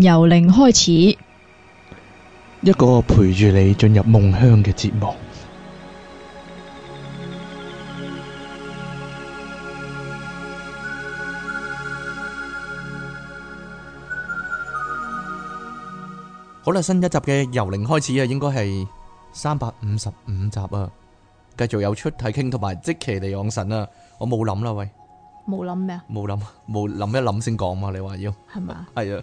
由零開始，一個陪住你進入夢鄉嘅節目。好啦，新一集嘅由零開始啊，應該係三百五十五集啊，繼續有出體傾同埋即期嚟與神啊，我冇諗啦，喂，冇諗咩啊？冇諗，冇諗一諗先講嘛？你話要係咪？係啊。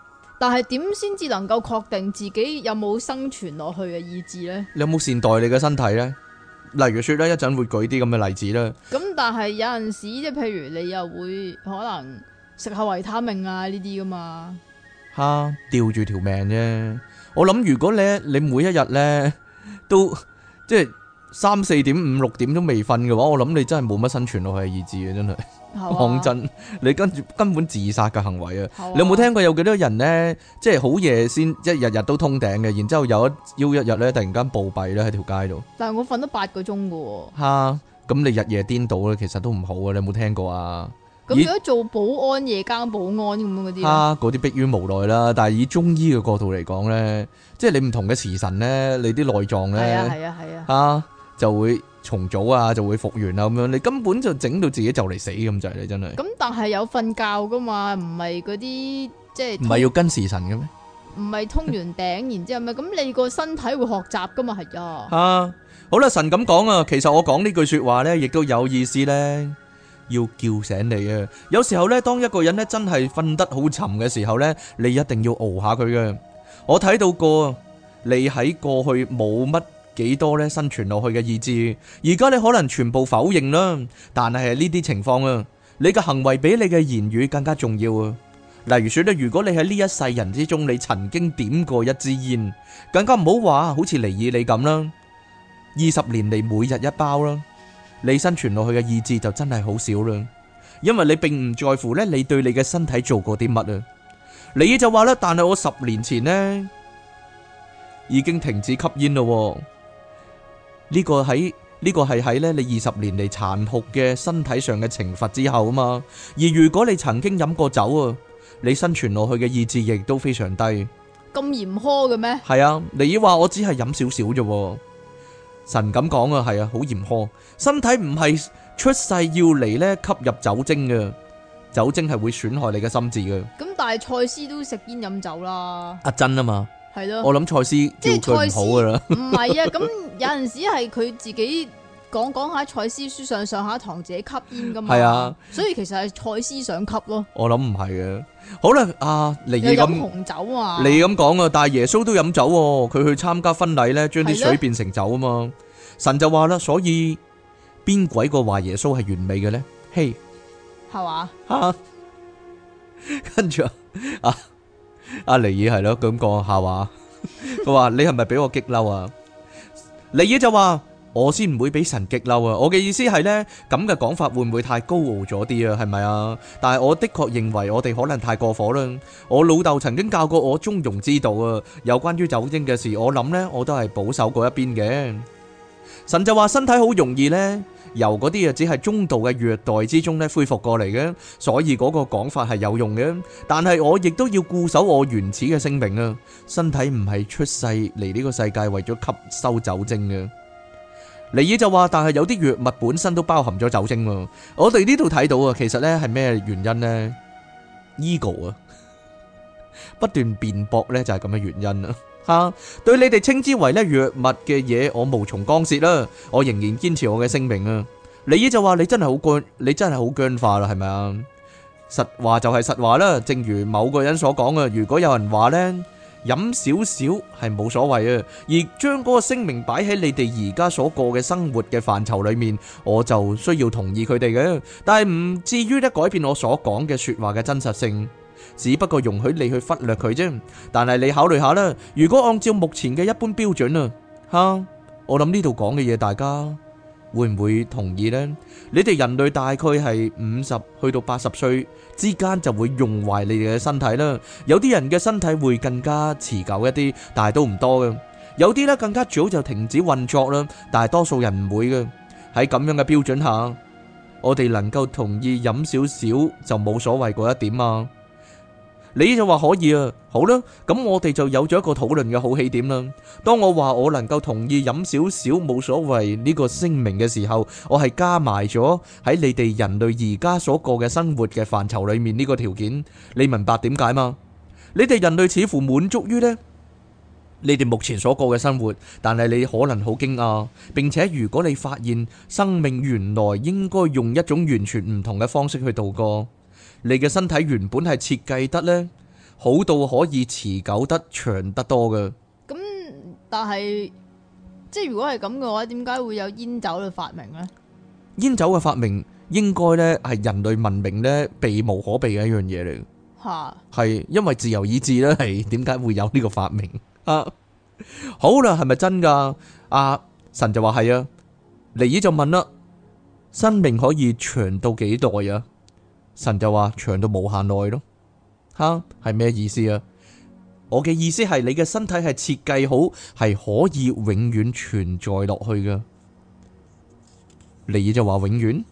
但係點先至能夠確定自己有冇生存落去嘅意志呢？你有冇善待你嘅身體呢？例如說咧，一陣會舉啲咁嘅例子啦。咁但係有陣時即係譬如你又會可能食下維他命啊呢啲噶嘛吓，吊住條命啫。我諗如果你你每一日呢，都即係三四點五六點都未瞓嘅話，我諗你真係冇乜生存落去嘅意志嘅，真係。講真，你跟住根本自殺嘅行為啊！吧你有冇聽過有幾多人咧？即係好夜先，一日日都通頂嘅，然之後有一朝一日咧，突然間暴斃咧喺條街度。但係我瞓得八個鐘嘅、哦。吓、啊，咁你日夜顛倒咧，其實都唔好啊！你有冇聽過啊？咁如果做保安，以夜間保安咁樣嗰啲咧？嗰啲逼於無奈啦。但係以中醫嘅角度嚟講咧，即係你唔同嘅時辰咧，你啲內臟咧，係啊係啊，吓、啊啊啊、就會。重組啊，就會復原啦咁樣，你根本就整到自己就嚟死咁滯，你真係。咁但係有瞓覺噶嘛，唔係嗰啲即係。唔係要跟時辰嘅咩？唔係通完頂， 然之後咪，咁你個身體會學習噶嘛？係呀。吓、啊，好啦，神咁講啊，其實我講呢句說話咧，亦都有意思咧，要叫醒你啊！有時候咧，當一個人咧真係瞓得好沉嘅時候咧，你一定要熬下佢噶。我睇到過，你喺過去冇乜。幾多咧，生存落去嘅意志？而家你可能全部否認啦，但係呢啲情況啊，你嘅行為比你嘅言語更加重要啊。例如說咧，如果你喺呢一世人之中，你曾經點過一支煙，更加唔好話好似尼爾你咁啦，二十年嚟每日一包啦，啊，你生存落去嘅意志就真係好少啦，因為你並唔在乎咧，你對你嘅身體做過啲乜啊？尼爾就話咧，但係我十年前呢，已經停止吸煙咯，啊。呢個喺呢個係喺咧你二十年嚟，殘酷嘅身體上嘅懲罰之後啊嘛，而如果你曾經飲過酒啊，你生存落去嘅意志亦都非常低。咁嚴苛嘅咩？係啊，你話我只係飲少少啫，神咁講啊，係啊，好嚴苛。身體唔係出世要嚟咧吸入酒精嘅，酒精係會損害你嘅心智嘅。咁但係蔡司都食煙飲酒啦。阿珍啊嘛。係咯，我諗蔡斯，即係蔡斯唔係啊！咁有陣時係佢自己講，講下蔡司書上上下堂自己吸煙噶嘛，係啊的！所以其實係蔡司想吸咯。我諗唔係啊。好啦，阿尼嘢飲紅酒啊！你咁講啊，但係耶穌都飲酒，佢去參加婚禮咧，將啲水變成酒啊嘛！的神就話啦，所以邊鬼個話耶穌係完美嘅咧？嘿、hey, 的，係嘛、啊？跟住啊！阿尼爾係咯，咁講下話，佢話你係咪俾我激嬲啊？尼爾、啊、就話我先唔會俾神激嬲啊！我嘅意思係呢，咁嘅講法會唔會太高傲咗啲啊？係咪啊？但係我的確認為我哋可能太過火啦。我老豆曾經教過我中庸之道啊。有關於酒精嘅事，我諗呢我都係保守過一邊嘅。神就話，身體好容易呢。」由嗰啲嘢只係中度嘅虐待之中咧恢復過嚟嘅，所以嗰個講法係有用嘅。但係我亦都要固守我原始嘅聲明啊！身體唔係出世嚟呢個世界為咗吸收酒精嘅。尼爾就話，但係有啲藥物本身都包含咗酒精。我哋呢度睇到啊，其實咧係咩原因咧？Ego 啊，不斷辯駁咧就係咁嘅原因啦。吓、啊，對你哋稱之為咧藥物嘅嘢，我無從干涉啦。我仍然堅持我嘅聲明啊。你呢就話你真係好僵，你真係好僵化啦，係咪啊？實話就係實話啦。正如某個人所講嘅，如果有人話呢，飲少少係冇所謂啊，而將嗰個聲明擺喺你哋而家所過嘅生活嘅範疇裏面，我就需要同意佢哋嘅，但係唔至於咧改變我所講嘅說話嘅真實性。只不過容許你去忽略佢啫，但係你考慮下啦，如果按照目前嘅一般標準啊，吓，我諗呢度講嘅嘢大家會唔會同意呢？你哋人類大概係50去到80你就話可以啊，好啦，咁我哋就有咗一個討論嘅好起點啦。當我話我能夠同意飲少少冇所謂呢個聲明嘅時候，我係加埋咗喺你哋人類而家所過嘅生活嘅範疇裏面呢個條件。你明白點解嗎？你哋人類似乎滿足於呢，你哋目前所過嘅生活，但係你可能好驚訝，並且如果你發現生命原來應該用一種完全唔同嘅方式去度過。你嘅身體原本係設計得呢，好到可以持久得長得多嘅。咁但係即係如果係咁嘅話，點解會有煙酒嘅發明呢？煙酒嘅發明應該呢係人類文明呢避無可避嘅一樣嘢嚟嘅。吓係哈因為自由意志呢係點解會有呢個發明 是是啊？好啦，係咪真噶？阿神就話係啊。尼爾就問啦：生命可以長到幾代啊？神就話長到無限耐咯。吓係咩意思啊？我嘅意思係你嘅身體係設計好，係可以永遠存在落去㗎。你就話永遠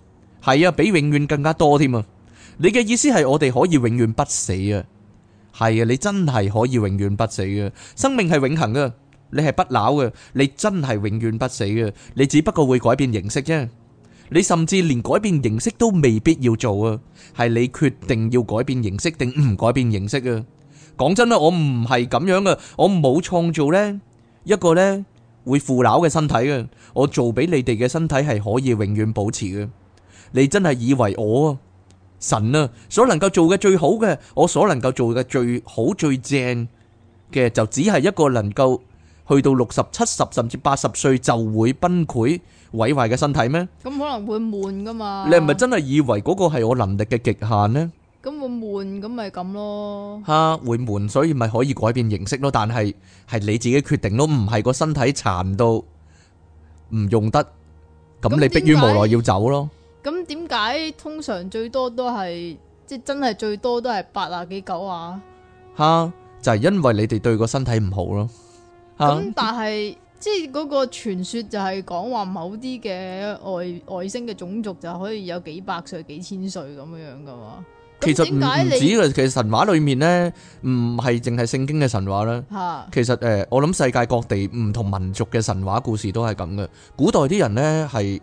係啊，比永遠更加多添啊！你嘅意思係我哋可以永遠不死啊？係啊，你真係可以永遠不死嘅，生命係永恆嘅，你係不朽嘅，你真係永遠不死嘅，你只不過會改變形式啫。你甚至連改變形式都未必要做啊！係你決定要改變形式定唔改變形式啊？講真啦，我唔係咁樣嘅，我冇創造呢一個呢會腐朽嘅身體啊，我做俾你哋嘅身體係可以永遠保持嘅。你真係以為我啊，神啊，所能夠做嘅最好嘅，我所能夠做嘅最好最正嘅就只係一個能夠去到六十七十甚至八十歲就會崩潰。毀壞嘅身體咩？咁可能會悶噶嘛？你係咪真係以為嗰個係我能力嘅極限呢？咁會悶，咁咪咁咯？吓，會悶，所以咪可以改變形式咯。但係係你自己決定咯，唔係個身體殘到唔用得，咁你逼於無奈要走咯。咁點解通常最多都係即係真係最多都係八啊幾九啊？吓，就係因為你哋對個身體唔好咯。吓，但係。即係嗰個傳說就係講話某啲嘅外外星嘅種族就可以有幾百歲、幾千歲咁樣樣噶嘛？其實唔止嘅，其實神話裏面咧，唔係淨係聖經嘅神話啦。吓的，其實誒，我諗世界各地唔同民族嘅神話故事都係咁嘅。古代啲人咧係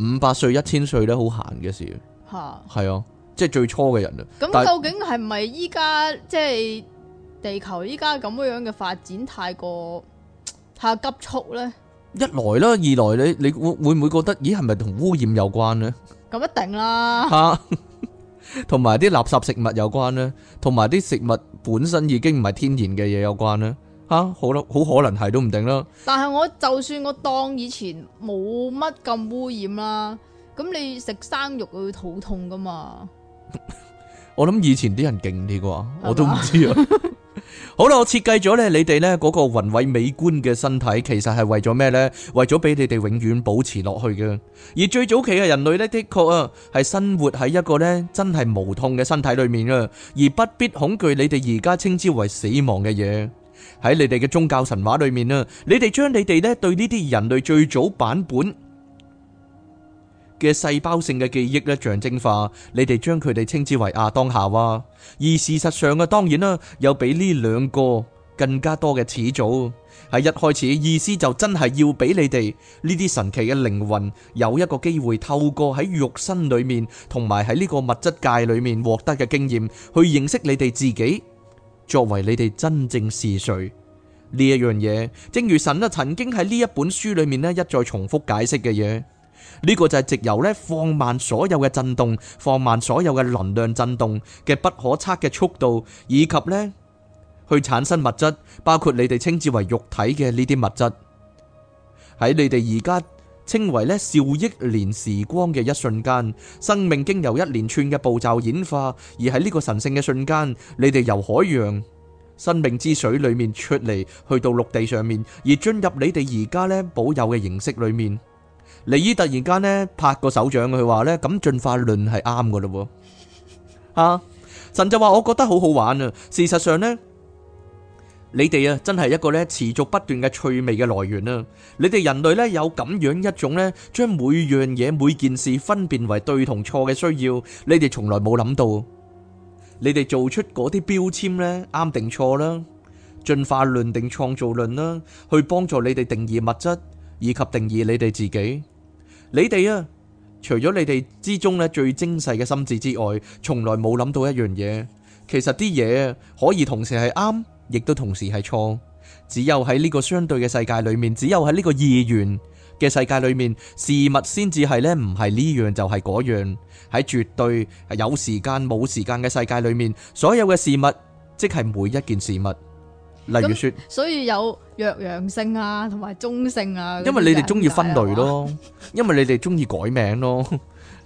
五百歲、一千歲咧好閒嘅事。吓的，係啊，即係最初嘅人啦。咁是究竟係唔係依家即係地球依家咁樣樣嘅發展太過？吓急促呢，一來啦，二來你你會會唔會覺得，咦係咪同污染有關呢？咁一定啦。吓，同埋啲垃圾食物有關呢，同埋啲食物本身已經唔係天然嘅嘢有關呢。吓，好咯，好可能係都唔定啦。但係我就算我當以前冇乜咁污染啦，咁你食生肉會肚痛㗎嘛？我諗以前啲人勁啲啩，我都唔知啊。好啦，我設計咗咧，你哋咧嗰個宏偉美觀嘅身體，其實係為咗咩呢？為咗俾你哋永遠保持落去嘅。而最早期嘅人類呢，的確啊，係生活喺一個咧真係無痛嘅身體裏面啊，而不必恐懼你哋而家稱之為死亡嘅嘢。喺你哋嘅宗教神話裏面啊，你哋將你哋咧對呢啲人類最早版本。嘅細胞性嘅記憶咧，象徵化，你哋將佢哋稱之為亞當夏娃，而事實上啊，當然啦，有比呢兩個更加多嘅始祖，喺一開始意思就真係要俾你哋呢啲神奇嘅靈魂有一個機會，透過喺肉身裏面同埋喺呢個物質界裏面獲得嘅經驗，去認識你哋自己，作為你哋真正是誰呢一樣嘢，正如神啊曾經喺呢一本書裏面咧一再重複解釋嘅嘢。呢個就係藉由咧放慢所有嘅震動，放慢所有嘅能量震動嘅不可測嘅速度，以及咧去產生物質，包括你哋稱之為肉體嘅呢啲物質。喺你哋而家稱為咧兆億年時光嘅一瞬間，生命經由一連串嘅步驟演化，而喺呢個神聖嘅瞬間，你哋由海洋生命之水裏面出嚟，去到陸地上面，而進入你哋而家咧保有嘅形式裏面。你姨突然間呢拍個手掌，佢話呢咁進化論係啱嘅咯，啊神就話我覺得好好玩啊。事實上呢，你哋啊真係一個呢持續不斷嘅趣味嘅來源啊。你哋人類呢，有咁樣一種呢，將每樣嘢每件事分辨為對同錯嘅需要，你哋從來冇諗到，你哋做出嗰啲標籤呢，啱定錯啦，進化論定創造論啦，去幫助你哋定義物質以及定義你哋自己。你哋啊，除咗你哋之中咧最精細嘅心智之外，從來冇諗到一樣嘢。其實啲嘢可以同時係啱，亦都同時係錯。只有喺呢個相對嘅世界裏面，只有喺呢個二元嘅世界裏面，事物先至係咧唔係呢樣就係嗰樣。喺、就是、絕對有時間冇時間嘅世界裏面，所有嘅事物即係每一件事物。例如說，所以有弱陽性啊，同埋中性啊。因為你哋中意分類咯，因為你哋中意改名咯，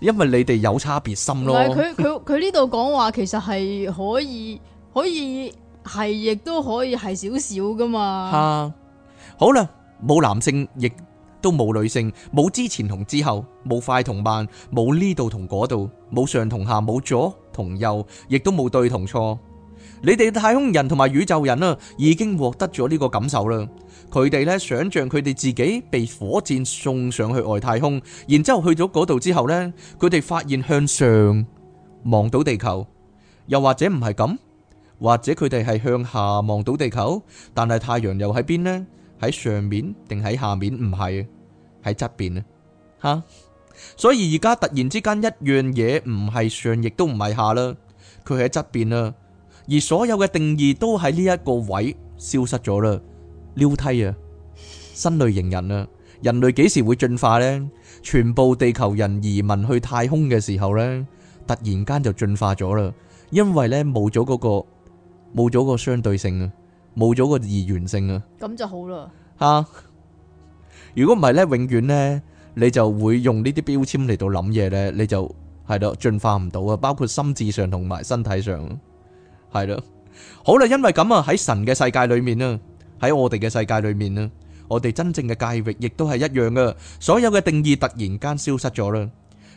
因為你哋有差別心咯。唔係佢佢佢呢度講話，其實係可以可以係亦都可以係少少噶嘛。吓，好啦，冇男性，亦都冇女性，冇之前同之後，冇快同慢，冇呢度同嗰度，冇上同下，冇左同右，亦都冇對同錯。你哋太空人同埋宇宙人啊，已經獲得咗呢個感受啦。佢哋咧，想象佢哋自己被火箭送上去外太空，然之後去咗嗰度之後呢，佢哋發現向上望到地球，又或者唔係咁，或者佢哋係向下望到地球，但係太陽又喺邊呢？喺上面定喺下面？唔係，喺側邊啊？吓，所以而家突然之間一樣嘢，唔係上，亦都唔係下啦，佢喺側邊啦，啊。而所有嘅定義都喺呢一個位消失咗啦。撩梯啊，新類型人啊，人類幾時會進化呢？全部地球人移民去太空嘅時候呢，突然間就進化咗啦，因為呢冇咗嗰個冇咗個相對性啊，冇咗個二元性啊，咁就好啦吓。如果唔係呢，永遠呢你就會用呢啲標籤嚟到諗嘢呢，你就係咯進化唔到啊，包括心智上同埋身體上。係啦，好啦，因為咁啊，喺神嘅世界裏面啊，喺我哋嘅世界裏面啊，我哋真正嘅界域亦都係一樣噶，所有嘅定義突然間消失咗啦，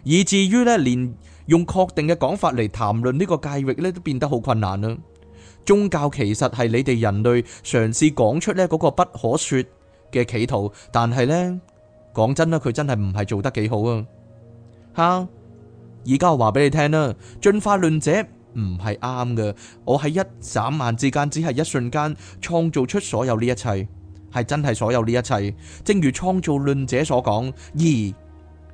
以至於咧連用確定嘅講法嚟談論呢個界域咧，都變得好困難啦。宗教其實係你哋人類嘗試講出咧嗰個不可說嘅企圖，但係咧，講真啦，佢真係唔係做得幾好啊。吓，而家我話俾你聽啦，進化論者。唔係啱嘅，我喺一眨眼之間，只係一瞬間創造出所有呢一切，係真係所有呢一切。正如創造論者所講，而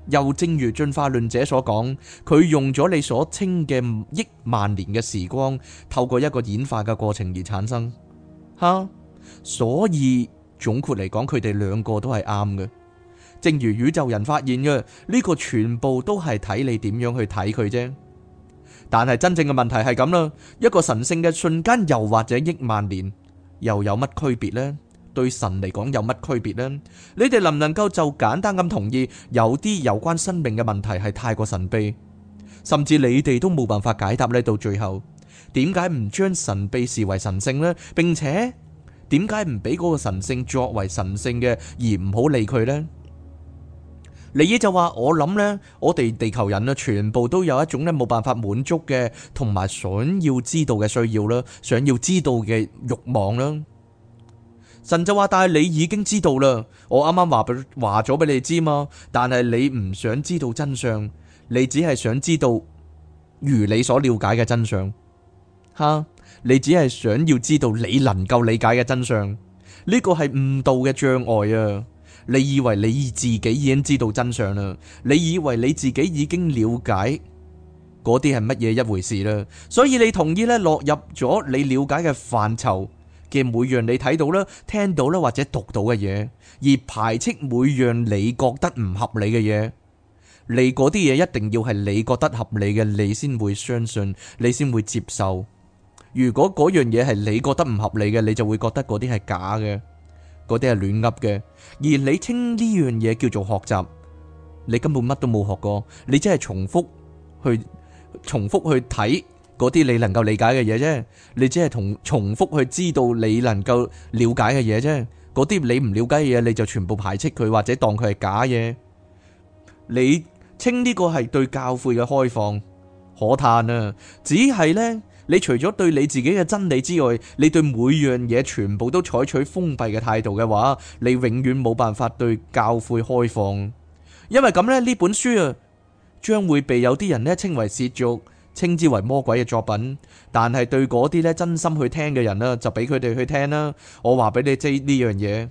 又正如進化論者所講，佢用咗你所稱嘅億萬年嘅時光，透過一個演化嘅過程而產生。吓，所以總括嚟講，佢哋兩個都係啱嘅。正如宇宙人發現嘅，呢個全部都係睇你點樣去睇佢啫。但係真正嘅問題係咁啦，一個神聖嘅瞬間，又或者億萬年，又有乜區別呢？對神嚟講有乜區別呢？你哋能唔能夠就簡單咁同意，有啲有關生命嘅問題係太過神秘，甚至你哋都冇辦法解答呢？到最後，點解唔將神秘視為神聖呢？並且點解唔俾嗰個神聖作為神聖嘅，而唔好理佢呢？你依就話，我諗呢，我哋地球人咧，全部都有一種咧冇辦法滿足嘅，同埋想要知道嘅需要啦，想要知道嘅慾望啦。神就話，但係你已經知道啦，我啱啱話俾話咗俾你知嘛，但係你唔想知道真相，你只係想知道如你所了解嘅真相。吓，你只係想要知道你能夠理解嘅真相，呢個係誤導嘅障礙啊！你以為你自己已經知道真相啦？你以為你自己已經了解嗰啲係乜嘢一回事啦？所以你同意咧，落入咗你了解嘅範疇嘅每樣你睇到啦、聽到啦或者讀到嘅嘢，而排斥每樣你覺得唔合理嘅嘢。你嗰啲嘢一定要係你覺得合理嘅，你先會相信，你先會接受。如果嗰樣嘢係你覺得唔合理嘅，你就會覺得嗰啲係假嘅。嗰啲係亂噏嘅，而你稱呢樣嘢叫做學習，你根本乜都冇學過，你只係重複去重複去睇嗰啲你能夠理解嘅嘢啫，你只係同重複去知道你能夠了解嘅嘢啫，嗰啲你唔了解嘅嘢你就全部排斥佢或者當佢係假嘢，你稱呢個係對教會嘅開放，可嘆啊，只係呢。你除咗對你自己嘅真理之外，你對每樣嘢全部都採取封閉嘅態度嘅話，你永遠冇辦法對教會開放。因為咁咧，呢本書啊，將會被有啲人咧稱為褻瀆，稱之為魔鬼嘅作品。但係對嗰啲咧真心去聽嘅人啦，就俾佢哋去聽啦。我話俾你知呢樣嘢，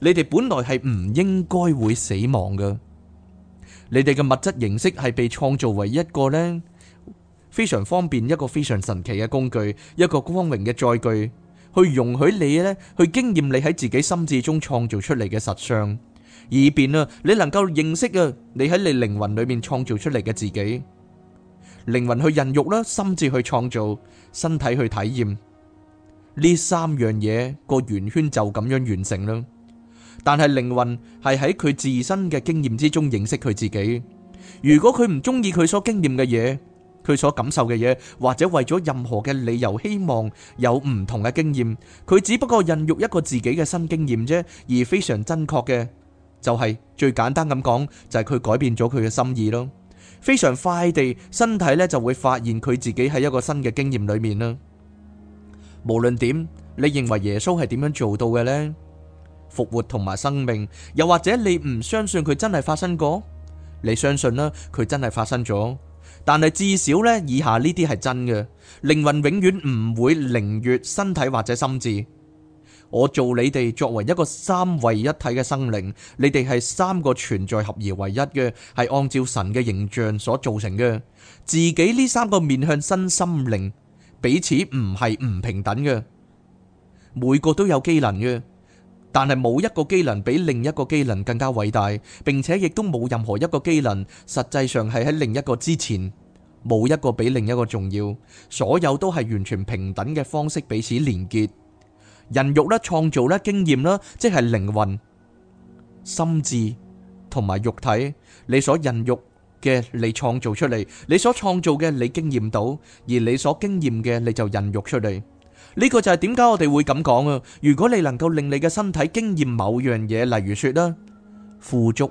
你哋本來係唔應該會死亡嘅。你哋嘅物質形式係被創造為一個呢。非常方便一個非常神奇嘅工具，一個光榮嘅載具，去容許你咧去經驗你喺自己心智中創造出嚟嘅實相，以便啊你能夠認識啊你喺你靈魂裏面創造出嚟嘅自己。靈魂去孕育啦，心智去創造，身體去體驗，呢三樣嘢，個圓圈就咁樣完成啦。但係靈魂係喺佢自身嘅經驗之中認識佢自己，如果佢唔中意佢所經驗嘅嘢，佢所感受嘅嘢，或者為咗任何嘅理由，希望有唔同嘅經驗，佢只不過孕育一個自己嘅新經驗啫，而非常真確嘅，就係最簡單咁講，就係佢改變咗佢嘅心意咯。非常快地，身體咧就會發現佢自己喺一個新嘅經驗裏面啦。無論點，你認為耶穌係點樣做到嘅呢？復活同埋生命，又或者你唔相信佢真係發生過？你相信啦，佢真係發生咗。但係至少呢，以下呢啲係真嘅，靈魂永遠唔會凌越身體或者心智。我做你哋作為一個三位一體嘅生靈，你哋係三個存在合而為一嘅，係按照神嘅形象所造成嘅。自己呢三個面向身心靈，彼此唔係唔平等嘅，每個都有機能嘅。但係冇一個機能比另一個機能更加偉大，並且亦都冇任何一個機能實際上係喺另一個之前，冇一個比另一個重要。所有都係完全平等嘅方式彼此連結。孕育咧，創造咧，經驗啦，即係靈魂、心智同埋肉體。你所孕育嘅，你創造出嚟，你所創造嘅，你經驗到；而你所經驗嘅，你就孕育出嚟。呢個就係點解我哋會咁講啊！如果你能夠令你嘅身體經驗某樣嘢，例如說啦，富足，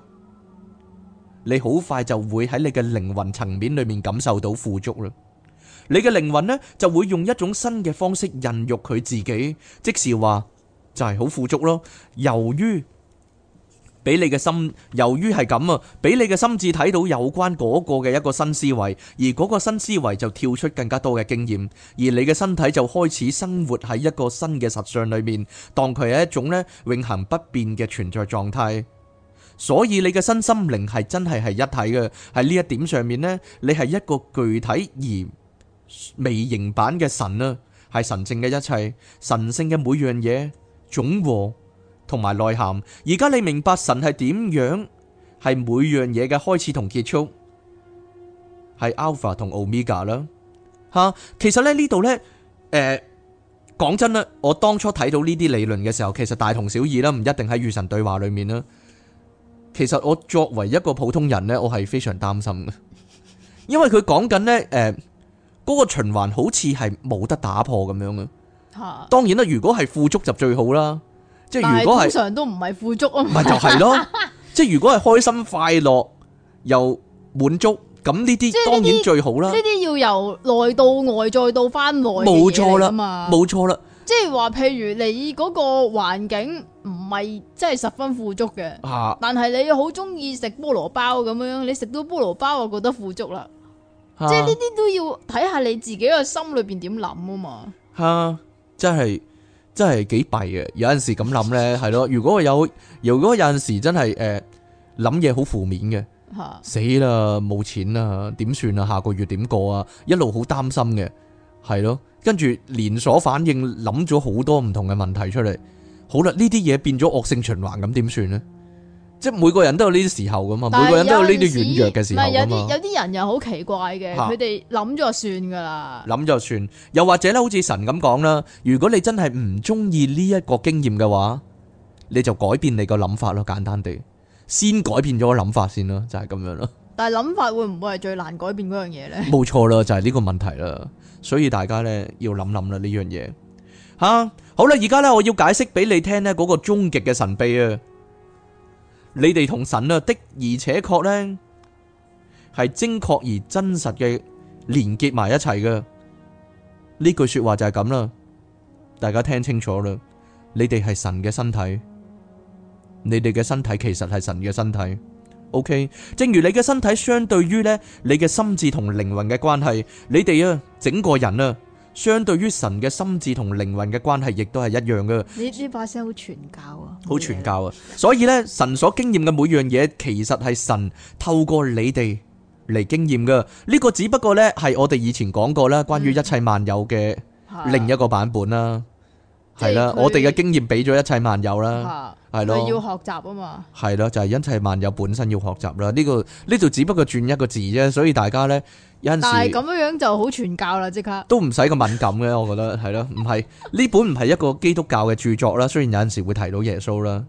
你好快就會喺你嘅靈魂層面裏面感受到富足啦。你嘅靈魂呢，就會用一種新嘅方式孕育佢自己，即是話，就係好富足咯。由於俾你嘅心，由於係咁啊，俾你嘅心智睇到有關嗰個嘅一個新思維，而嗰個新思維就跳出更加多嘅經驗，而你嘅身體就開始生活喺一個新嘅實相裏面，當佢係一種咧永恒不變嘅存在狀態。所以你嘅身心靈係真係係一體嘅，喺呢一點上面呢，你係一個具體而微型版嘅神啊，係神聖嘅一切，神聖嘅每樣嘢總和。同埋內涵，而家你明白神係點樣，係每樣嘢嘅開始同結束，係 Alpha 同 Omega 啦。吓，其實咧呢度呢，誒，講真啦，我當初睇到呢啲理論嘅時候，其實大同小異啦，唔一定喺與神對話裏面啦。其實我作為一個普通人呢，我係非常擔心嘅，因為佢講緊呢誒，嗰個循環好似係冇得打破咁樣嘅。吓哈，當然啦，如果係富足就最好啦。即係如果係，通常都唔係富足啊，咪就係咯，即係如果係開心快樂又滿足，咁呢啲當然最好啦。呢啲要由內到外再到翻內，冇錯啦，冇錯啦。即係話譬如你嗰個環境唔係真係十分富足嘅，啊、但係你好中意食菠蘿包咁樣，你食到菠蘿包就覺得富足啦。即係呢啲都要睇下你自己個心裏邊點諗啊嘛。吓，真係。真係幾弊嘅，有陣時咁諗呢，係咯。如果有，如果有陣時真係誒諗嘢好負面嘅，啊、死啦冇錢啦，點算啊？下個月點過啊？一路好擔心嘅，係咯。跟住連鎖反應諗咗好多唔同嘅問題出嚟。好啦，呢啲嘢變咗惡性循環，咁點算咧？即係每個人都有呢啲時候㗎嘛，每個人都有呢啲軟弱嘅時候啊嘛。唔係有啲有啲人又好奇怪嘅，佢哋諗咗算噶啦，諗就算。又或者咧，好似神咁講啦，如果你真係唔中意呢一個經驗嘅話，你就改變你個諗法咯，簡單地，先改變咗個諗法先咯，就係咁樣咯。但係諗法會唔會係最難改變嗰樣嘢呢？冇錯啦，就係呢個問題啦。所以大家咧要諗諗啦呢樣嘢。吓，好啦，而家咧我要解釋俾你聽咧嗰個終極嘅神秘啊！你哋同神啊，的而且確呢係精確而真實嘅連結埋一齊嘅。呢句說話就係咁啦，大家聽清楚啦。你哋係神嘅身體，你哋嘅身體其實係神嘅身體。OK，正如你嘅身體相對於咧你嘅心智同靈魂嘅關係，你哋啊整個人啊。相對於神嘅心智同靈魂嘅關係，亦都係一樣嘅。你呢啲把聲好傳教啊！好傳教啊！所以咧，神所經驗嘅每樣嘢，其實係神透過你哋嚟經驗嘅。呢個只不過咧，係我哋以前講過啦，關於一切萬有嘅另一個版本啦。係啦，我哋嘅經驗俾咗一切萬有啦。係咯，要學習啊嘛。係咯，就係一切萬有本身要學習啦。呢個呢度只不過轉一個字啫，所以大家咧。有時但係咁樣樣就好傳教啦，即刻都唔使咁敏感嘅，我覺得係咯，唔係呢本唔係一個基督教嘅著作啦。雖然有陣時會提到耶穌啦，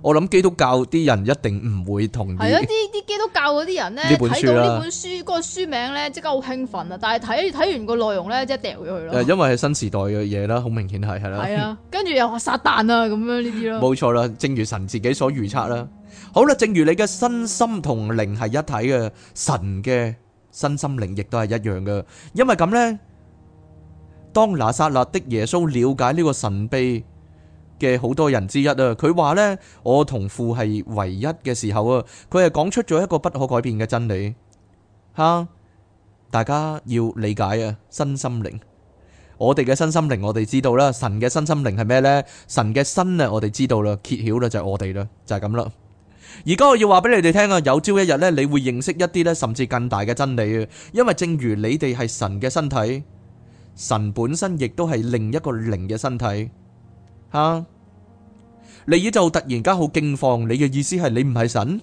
我諗基督教啲人一定唔會同意係啊。啲啲基督教嗰啲人咧睇到呢本書嗰、啊、個書名咧，即刻好興奮啊！但係睇睇完個內容咧，即係掉咗去咯。因為係新時代嘅嘢啦，好明顯係係啦。係啊， 跟住又話撒旦啊，咁樣呢啲咯，冇錯啦，正如神自己所預測啦。好啦，正如你嘅身心同靈係一體嘅神嘅。身心靈亦都係一樣嘅，因為咁呢，當拿撒勒的耶穌了解呢個神秘嘅好多人之一啊，佢話呢，我同父係唯一嘅時候啊，佢係講出咗一個不可改變嘅真理，吓，大家要理解啊，身心靈，我哋嘅身心靈，我哋知道啦，神嘅身心靈係咩呢？神嘅身呢，我哋知道啦，揭曉啦就係我哋啦，就係咁啦。而家我要話俾你哋聽啊，有朝一日呢，你會認識一啲呢，甚至更大嘅真理啊！因為正如你哋係神嘅身體，神本身亦都係另一個靈嘅身體啊！吓，你就突然間好驚慌，你嘅意思係你唔係神？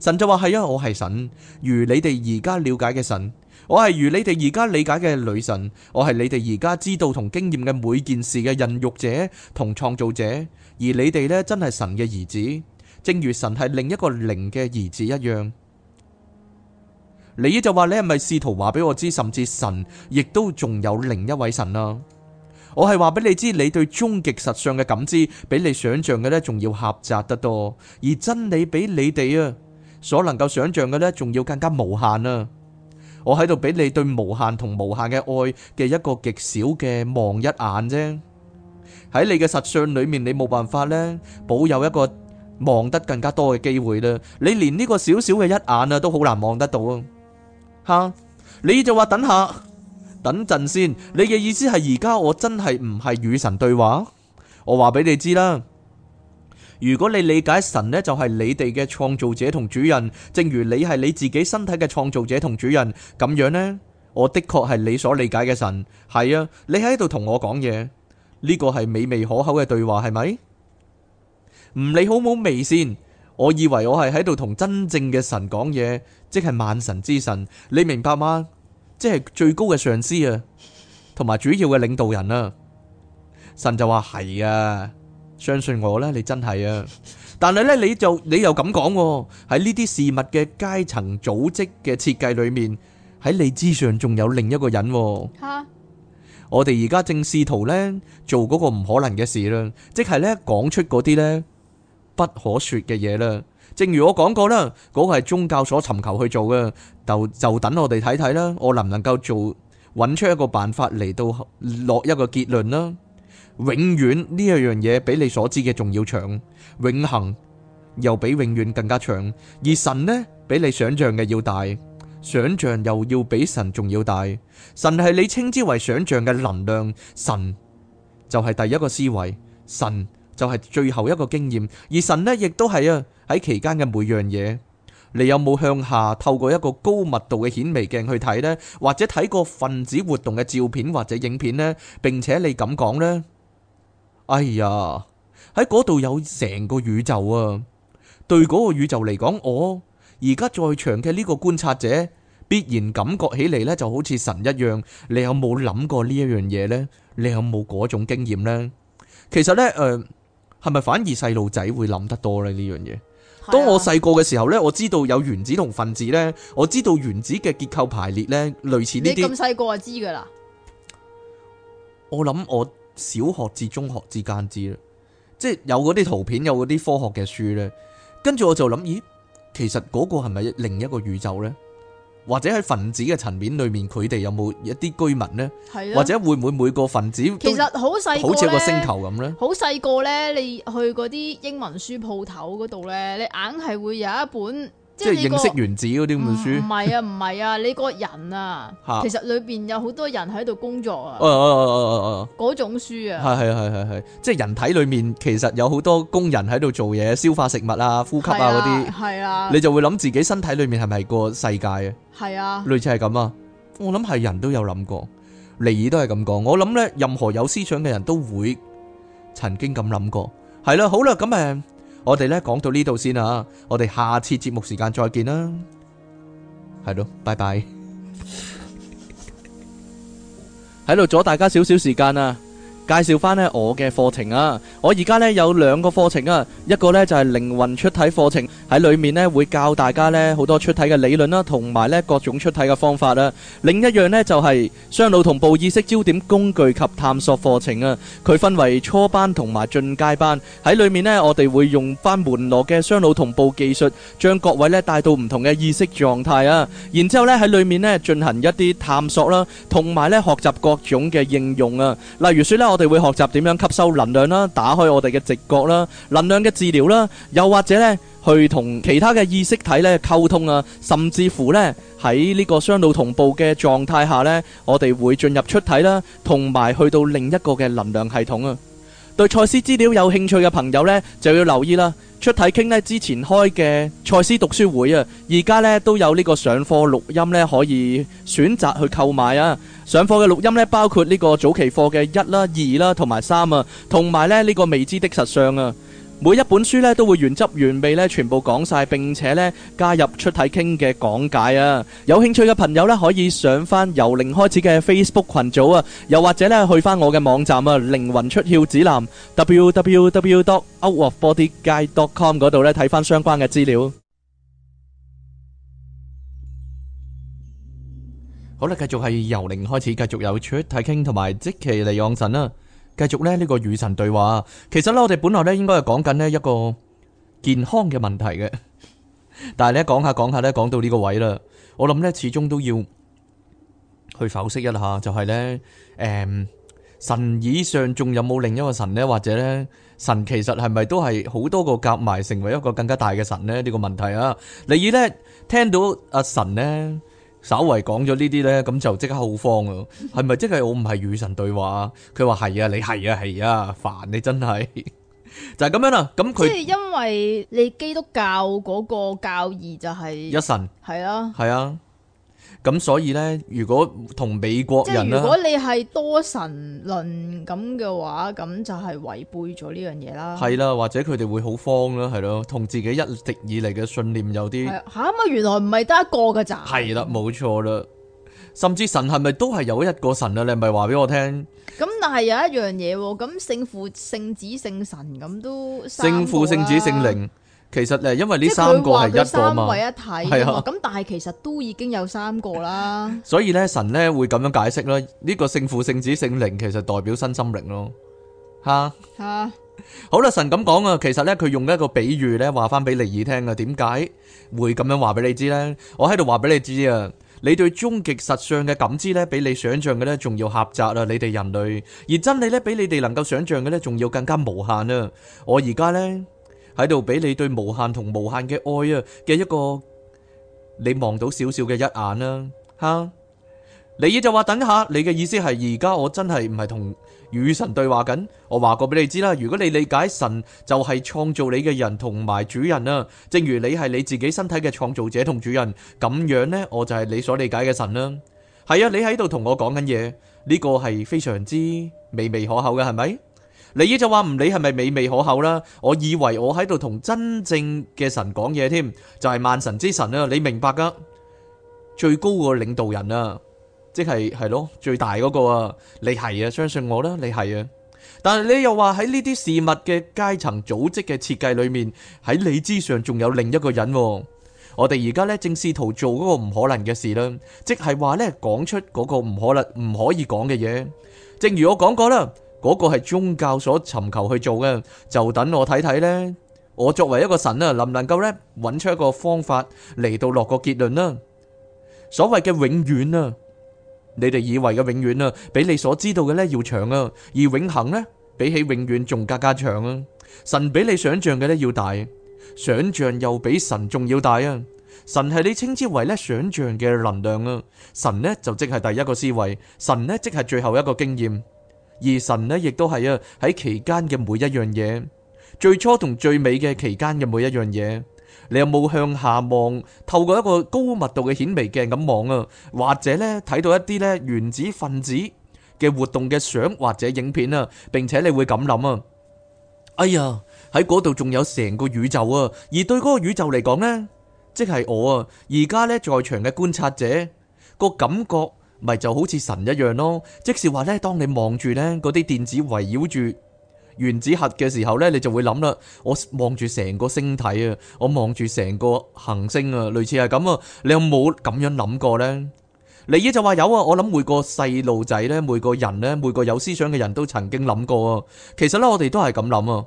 神就話係，因為我係神，如你哋而家了解嘅神，我係如你哋而家理解嘅女神，我係你哋而家知道同經驗嘅每件事嘅孕育者同創造者，而你哋呢，真係神嘅兒子。正如神係另一個靈嘅兒子一樣，你就話你係咪試圖話俾我知，甚至神亦都仲有另一位神啊？我係話俾你知，你對終極實相嘅感知比你想象嘅呢仲要狹窄得多。而真理比你哋啊所能夠想象嘅呢仲要更加無限啊！我喺度俾你對無限同無限嘅愛嘅一個極小嘅望一眼啫。喺你嘅實相裏面，你冇辦法呢保有一個。望得更加多嘅機會啦，你連呢個小小嘅一眼啊，都好難望得到啊！吓，你就話等下，等陣先。你嘅意思係而家我真係唔係與神對話？我話俾你知啦，如果你理解神呢，就係你哋嘅創造者同主人，正如你係你自己身體嘅創造者同主人咁樣呢。我的確係你所理解嘅神。係啊，你喺度同我講嘢，呢個係美味可口嘅對話，係咪？唔理好冇微先，我以為我係喺度同真正嘅神講嘢，即係萬神之神，你明白嗎？即係最高嘅上司啊，同埋主要嘅領導人啊。神就話係啊，相信我啦，你真係啊。但係呢，你就你又咁講喎，喺呢啲事物嘅階層組織嘅設計裏面，喺你之上仲有另一個人啊。吓哈，我哋而家正試圖呢做嗰個唔可能嘅事啦，即係呢講出嗰啲呢。不可說嘅嘢啦，正如我講過啦，嗰個係宗教所尋求去做嘅，就就等我哋睇睇啦，我能唔能夠做，揾出一個辦法嚟到落一個結論啦。永遠呢一樣嘢比你所知嘅仲要長，永恆又比永遠更加長，而神呢比你想象嘅要大，想象又要比神仲要大，神係你稱之為想象嘅能量，神就係第一個思維，神，就係最後一個經驗，而神呢亦都係啊，喺期間嘅每樣嘢，你有冇向下透過一個高密度嘅顯微鏡去睇呢，或者睇過分子活動嘅照片或者影片呢？並且你咁講呢，哎呀，喺嗰度有成個宇宙啊，對嗰個宇宙嚟講，我而家在場嘅呢個觀察者必然感覺起嚟呢就好似神一樣，你有冇諗過呢一樣嘢呢？你有冇嗰種經驗呢？其實呢，誒。係咪反而細路仔會諗得多咧？呢樣嘢，當我細個嘅時候呢，我知道有原子同分子呢，我知道原子嘅結構排列呢，類似呢啲。你咁細個就知噶啦？我諗我小學至中學之間知啦，即係有嗰啲圖片，有嗰啲科學嘅書呢。跟住我就諗，咦，其實嗰個係咪另一個宇宙呢？或者喺分子嘅層面裏面，佢哋有冇一啲居民呢？係咯，啊，或者會唔會每個分子其實好細，好似個星球咁咧？好細個咧，你去嗰啲英文書鋪頭嗰度咧，你硬係會有一本即係認識原子嗰啲書。唔係啊，唔係啊，你個人啊， 其實裏邊有好多人喺度工作啊。哦哦哦哦哦，嗰種書啊，係係係係係，即係人體裏面其實有好多工人喺度做嘢，消化食物啊、呼吸啊嗰啲，係啊，啊你就會諗自己身體裏面係咪個世界啊？係啊，類似係咁啊，我諗係人都有諗過，尼爾都係咁講，我諗呢任何有思想嘅人都會曾經咁諗過，係啦，好啦，咁誒，我哋呢講到呢度先啊，我哋下次節目時間再見啦，係咯，拜拜。喺度阻大家少少時間啊，介紹翻呢我嘅課程啊，我而家呢有兩個課程啊，一個呢就係靈魂出體課程。喺裏面咧會教大家咧好多出體嘅理論啦，同埋咧各種出體嘅方法啦。另一樣呢，就係雙腦同步意識焦點工具及探索課程啊。佢分為初班同埋進階班。喺裏面呢，我哋會用翻門羅嘅雙腦同步技術，將各位咧帶到唔同嘅意識狀態啊。然之後咧喺裏面咧進行一啲探索啦，同埋咧學習各種嘅應用啊。例如說咧，我哋會學習點樣吸收能量啦，打開我哋嘅直覺啦，能量嘅治療啦，又或者呢。去同其他嘅意識體咧溝通啊，甚至乎呢，喺呢個雙腦同步嘅狀態下呢，我哋會進入出體啦，同埋去到另一個嘅能量系統啊。對賽斯資料有興趣嘅朋友呢，就要留意啦。出體傾呢之前開嘅賽斯讀書會啊，而家呢都有呢個上課錄音呢，可以選擇去購買啊。上課嘅錄音呢，包括呢個早期課嘅一啦、二啦同埋三啊，同埋咧呢、呢個未知的實相啊。每一本書咧都會原汁原味咧全部講晒，並且咧加入出體傾嘅講解啊！有興趣嘅朋友咧可以上翻由零開始嘅 Facebook 群組啊，又或者咧去翻我嘅網站啊，靈魂出竅指南 www.outofbodyguide.com 嗰度，咧睇翻相關嘅資料。好啦，繼續係由零開始，繼續有出體傾同埋即期嚟養神啦。繼續咧呢個與神對話，其實咧我哋本來咧應該係講緊咧一個健康嘅問題嘅，但係你一講下講下咧，講到呢個位啦，我諗咧始終都要去剖析一下，就是，就係咧，誒，神以上仲有冇另一個神咧？或者咧，神其實係咪都係好多個夾埋成為一個更加大嘅神咧？呢，這個問題啊，例如咧聽到阿神咧。稍微講咗呢啲咧，咁就即刻好慌啊！係咪即係我唔係與神對話？佢話係啊，你係啊，係啊，煩你真係 就係咁樣啦。咁佢即係因為你基督教嗰個教義就係、是、一神，係啊，係啊。咁所以呢，如果同美國人啦，即係如果你係多神論咁嘅話，咁就係違背咗呢樣嘢啦。係啦，或者佢哋會好慌啦，係咯，同自己一直以嚟嘅信念有啲吓，啊！原來唔係得一個㗎咋？係啦，冇錯啦。甚至神係咪都係有一個神啊？你係咪話俾我聽？咁但係有一樣嘢喎，咁聖父、聖子、聖神咁都聖父、聖子、聖靈。其實誒，因為呢三個係一個啊嘛，係啊。咁但係其實都已經有三個啦。所以咧，神咧會咁樣解釋咧，呢個聖父、聖子、聖靈，其實代表身心靈咯。吓吓，好啦，神咁講啊，其實咧佢用一個比喻咧，話翻俾尼爾聽啊。點解會咁樣話俾你知咧？我喺度話俾你知啊，你對終極實相嘅感知咧，比你想象嘅咧，仲要狹窄啊。你哋人類而真理咧，比你哋能夠想象嘅咧，仲要更加無限啊。我而家咧。喺度俾你對無限同無限嘅愛啊嘅一個你小小一、啊，你望到少少嘅一眼啦吓，你就話：等下你嘅意思係而家我真係唔係同與神對話緊。我話過俾你知啦，如果你理解神就係創造你嘅人同埋主人啦，啊，正如你係你自己身體嘅創造者同主人，咁樣呢，我就係你所理解嘅神啦，啊。係啊，你喺度同我講緊嘢，呢個係非常之美味可口嘅，係咪？你呢就話唔理係咪美味可口啦？我以為我喺度同真正嘅神講嘢添，就係、是、萬神之神啦！你明白噶？最高個領導人啦，即係係咯，最大嗰、那個啊！你係啊，相信我啦，你係啊！但係你又話喺呢啲事物嘅階層組織嘅設計裏面，喺你之上仲有另一個人。我哋而家呢，正試圖做嗰個唔可能嘅事啦，即係話呢，講出嗰個唔可能、唔可以講嘅嘢。正如我講過啦。嗰個係宗教所尋求去做嘅，就等我睇睇咧。我作為一個神啊，能唔能夠咧揾出一個方法嚟到落個結論啊？所謂嘅永遠啊，你哋以為嘅永遠啊，比你所知道嘅咧要長啊。而永恒咧，比起永遠仲更加長啊。神比你想象嘅咧要大，想象又比神仲要大啊。神係你稱之為咧想象嘅能量啊。神咧就即係第一個思維，神咧即係最後一個經驗。而神呢，亦都係啊，喺期間嘅每一樣嘢，最初同最尾嘅期間嘅每一樣嘢，你有冇向下望，透過一個高密度嘅顯微鏡咁望啊？或者呢，睇到一啲呢原子分子嘅活動嘅相或者影片啊，並且你會咁諗啊？哎呀，喺嗰度仲有成個宇宙啊！而對嗰個宇宙嚟講呢，即係我啊，而家呢，在場嘅觀察者個感覺。咪就好似神一樣咯，即是話呢，當你望住呢嗰啲電子圍繞住原子核嘅時候呢，你就會諗啦。我望住成個星體啊，我望住成個行星啊，類似係咁啊。你有冇咁樣諗過呢？李野就話有啊。我諗每個細路仔呢，每個人呢，每個有思想嘅人都曾經諗過啊。其實呢，我哋都係咁諗啊，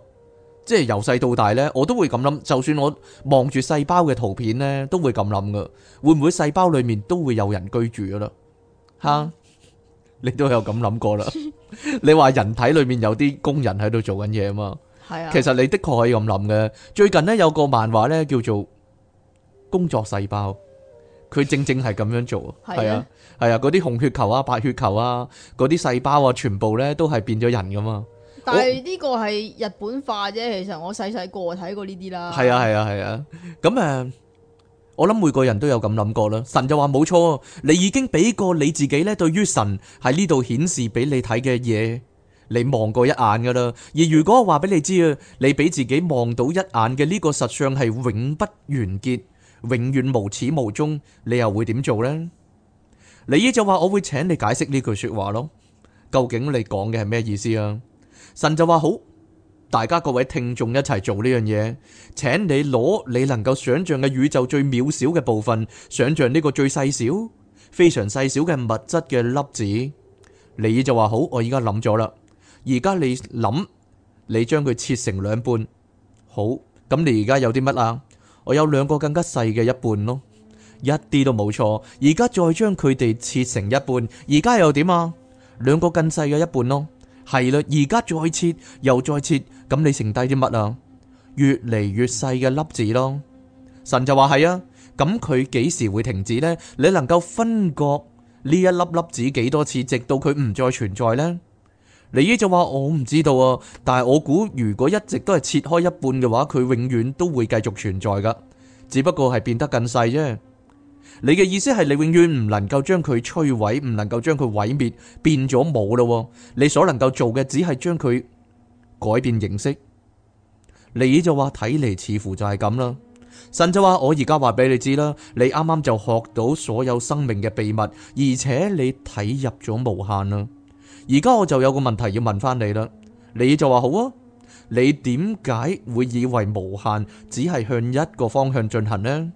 即係由細到大呢，我都會咁諗。就算我望住細胞嘅圖片呢，都會咁諗噶。會唔會細胞裏面都會有人居住噶啦？吓，你都有咁諗過啦？ 你話人體裏面有啲工人喺度做緊嘢啊嘛，係啊。其實你的確可以咁諗嘅。最近咧有個漫畫咧叫做《工作細胞》，佢正正係咁樣做，係啊，係啊。嗰啲、啊、紅血球啊、白血球啊、嗰啲細胞啊，全部咧都係變咗人噶嘛。但係呢個係日本化啫。其實我細細個睇過呢啲啦。係我啊，係啊，係啊。咁啊。嗯我諗每個人都有咁諗過啦，神就話冇錯，你已經俾過你自己咧，對於神喺呢度顯示俾你睇嘅嘢，你望過一眼噶啦。而如果我話俾你知啊，你俾自己望到一眼嘅呢個實相係永不完結，永遠無始無終，你又會點做呢？你呢就話我會請你解釋呢句說話咯，究竟你講嘅係咩意思啊？神就話好。大家各位聽眾一齊做呢樣嘢，請你攞你能夠想象嘅宇宙最渺小嘅部分，想象呢個最細小、非常細小嘅物質嘅粒子，你就話好，我而家諗咗啦。而家你諗，你將佢切成兩半，好，咁你而家有啲乜啊？我有兩個更加細嘅一半咯，一啲都冇錯。而家再將佢哋切成一半，而家又點啊？兩個更細嘅一半咯。係啦，而家再切又再切，咁你剩低啲乜啊？越嚟越細嘅粒子咯。神就話係啊，咁佢幾時會停止呢？你能夠分割呢一粒粒子幾多次，直到佢唔再存在呢？尼爾就話我唔知道，啊，但係我估如果一直都係切開一半嘅話，佢永遠都會繼續存在噶，只不過係變得更細啫。你嘅意思係你永遠唔能夠將佢摧毀，唔能夠將佢毀滅，變咗冇啦。你所能夠做嘅只係將佢改變形式。你就話，睇嚟似乎就係咁啦。神就話，我而家話俾你知啦，你啱啱就學到所有生命嘅秘密，而且你睇入咗無限啦。而家我就有個問題要問翻你啦。你就話好啊，你點解會以為無限只係向一個方向進行呢？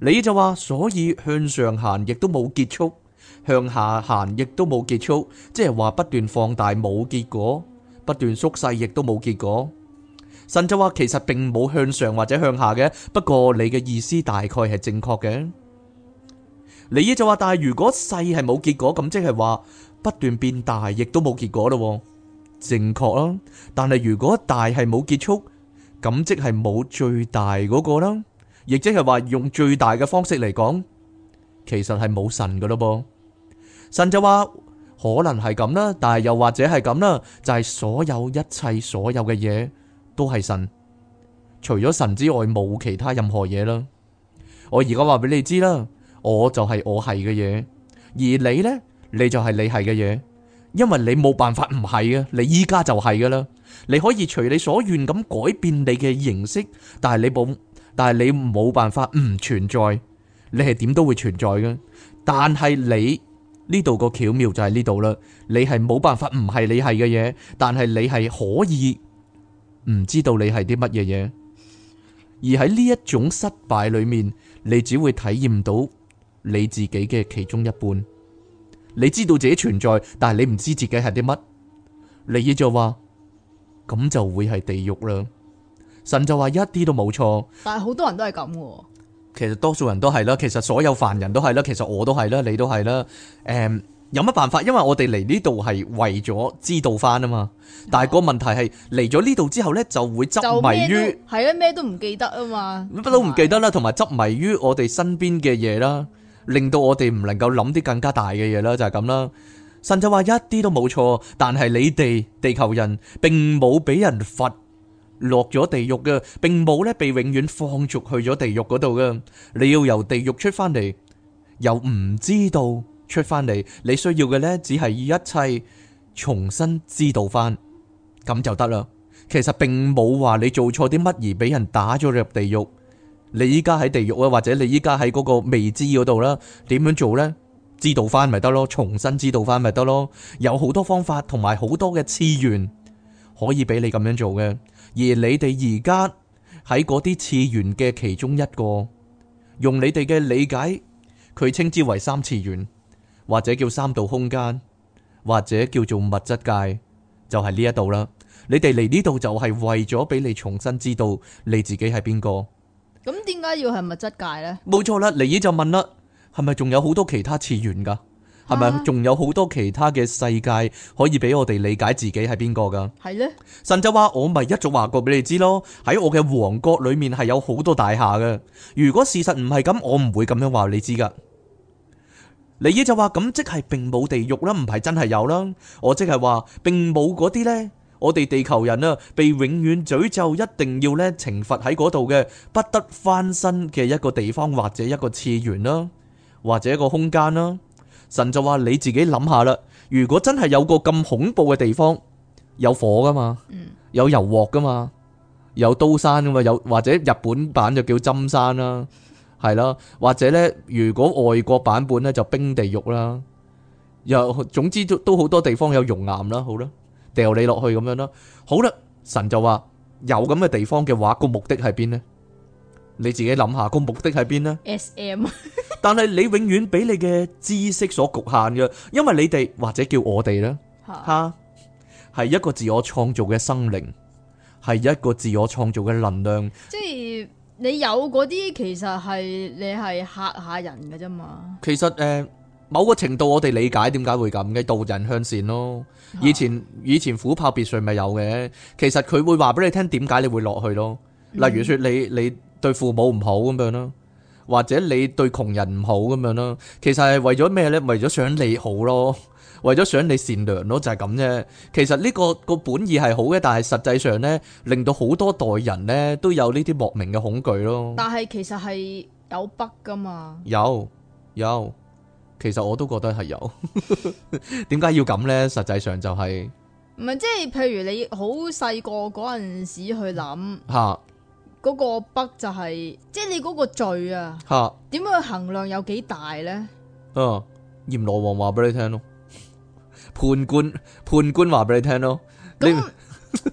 你就話，所以向上行亦都冇結束，向下行亦都冇結束，即係話不斷放大冇結果，不斷縮細亦都冇結果。甚至話其實並冇向上或者向下嘅，不過你嘅意思大概係正確嘅。你就話，但係如果細係冇結果，咁即係話不斷變大亦都冇結果咯，正確咯。但係如果大係冇結束，咁即係冇最大嗰個啦。亦即係話用最大嘅方式嚟講，其實係冇神㗎咯。噃，神就話，可能係咁啦，但係又或者係咁啦，就係、是、所有一切所有嘅嘢都係神，除咗神之外冇其他任何嘢啦。我而家話俾你知啦，我就係我係嘅嘢，而你呢，你就係你係嘅嘢，因為你冇辦法唔係嘅，你依家就係㗎啦。你可以隨你所願咁改變你嘅形式，但係你冇。但係你冇辦法唔存在，你係點都會存在嘅。但係你呢度個巧妙就喺呢度啦，你係冇辦法唔係你係嘅嘢，但係你係可以唔知道你係啲乜嘢嘢。而喺呢一種失敗裏面，你只會體驗到你自己嘅其中一半。你知道自己存在，但係你唔知自己係啲乜。你亦就話咁就會係地獄啦。神就話一啲都冇錯，但係好多人都係咁嘅。其實多數人都係啦，其實所有凡人都係啦，其實我都係啦，你都係啦。誒，有乜辦法？因為我哋嚟呢度係為咗知道翻啊嘛。但係個問題係嚟咗呢度之後咧，就會執迷於係啊，咩都唔記得啊嘛。乜都唔記得啦，同埋執迷於我哋身邊嘅嘢啦，令到我哋唔能夠諗啲更加大嘅嘢啦，就係咁啦。神就話一啲都冇錯，但係你哋地球人並冇俾人罰。落咗地獄嘅，並冇咧被永遠放逐去咗地獄嗰度嘅。你要由地獄出翻嚟，又唔知道出翻嚟，你需要嘅咧只係一切重新知道翻咁就得啦。其實並冇話你做錯啲乜而俾人打咗入地獄。你依家喺地獄啊，或者你依家喺嗰個未知嗰度啦，點樣做呢？知道翻咪得咯，重新知道翻咪得咯。有好多方法同埋好多嘅資源可以俾你咁樣做嘅。而你哋而家喺嗰啲次元嘅其中一個，用你哋嘅理解，佢稱之為三次元，或者叫三度空間，或者叫做物質界，就係呢一度啦。你哋嚟呢度就係為咗俾你重新知道你自己係邊個。咁點解要係物質界呢？冇錯啦，尼爾就問啦，係咪仲有好多其他次元噶？係咪仲有好多其他嘅世界可以俾我哋理解自己係邊個噶？係呢，甚至話，我咪一早話過俾你知咯。喺我嘅王國裏面係有好多大廈嘅。如果事實唔係咁，我唔會咁樣話你知噶。你呢就話咁，即係並冇地獄啦，唔係真係有啦。我即係話並冇嗰啲呢，我哋地球人啊，被永遠詛咒，一定要呢，懲罰喺嗰度嘅，不得翻身嘅一個地方或者一個次元啦，或者一個空間啦。神就話你自己諗下啦，如果真係有個咁恐怖嘅地方，有火，噶嘛，有油鑊，噶嘛，有刀山，噶嘛，有或者日本版就叫針山啦，係啦，或者呢，如果外國版本呢，就冰地獄啦，又總之都都好多地方有熔岩啦，好啦，掉你落去咁樣啦，好啦，神就話有咁嘅地方嘅話，個目的係邊呢？你自己諗下個目的係邊呢？SM SM。 但係你永遠俾你嘅知識所局限嘅，因為你哋或者叫我哋咧吓，係、啊、一個自我創造嘅生靈，係一個自我創造嘅能量。即係你有嗰啲，其實係你係吓下人嘅啫嘛。其實誒、呃，某個程度我哋理解點解會咁嘅，導人向善咯。以前、啊、以前虎豹別墅咪有嘅，其實佢會話俾你聽點解你會落去咯。例如說你、嗯、你對父母唔好咁樣咯。或者你對窮人唔好咁樣咯，其實係為咗咩呢？為咗想你好咯，為咗想你善良咯，就係咁啫。其實呢、呢個、呢個本意係好嘅，但係實際上呢，令到好多代人呢都有呢啲莫名嘅恐懼咯。但係其實係有筆㗎嘛？有有，其實我都覺得係有。點 解要咁呢？實際上就係唔係即係，即係、譬如你好細個嗰陣時去諗嚇。嗰個北就係、是，即係你嗰個罪啊？吓哈，點樣去衡量有幾大咧？嗯、啊，閻羅王話俾你聽咯，判官判官話俾你聽咯。咁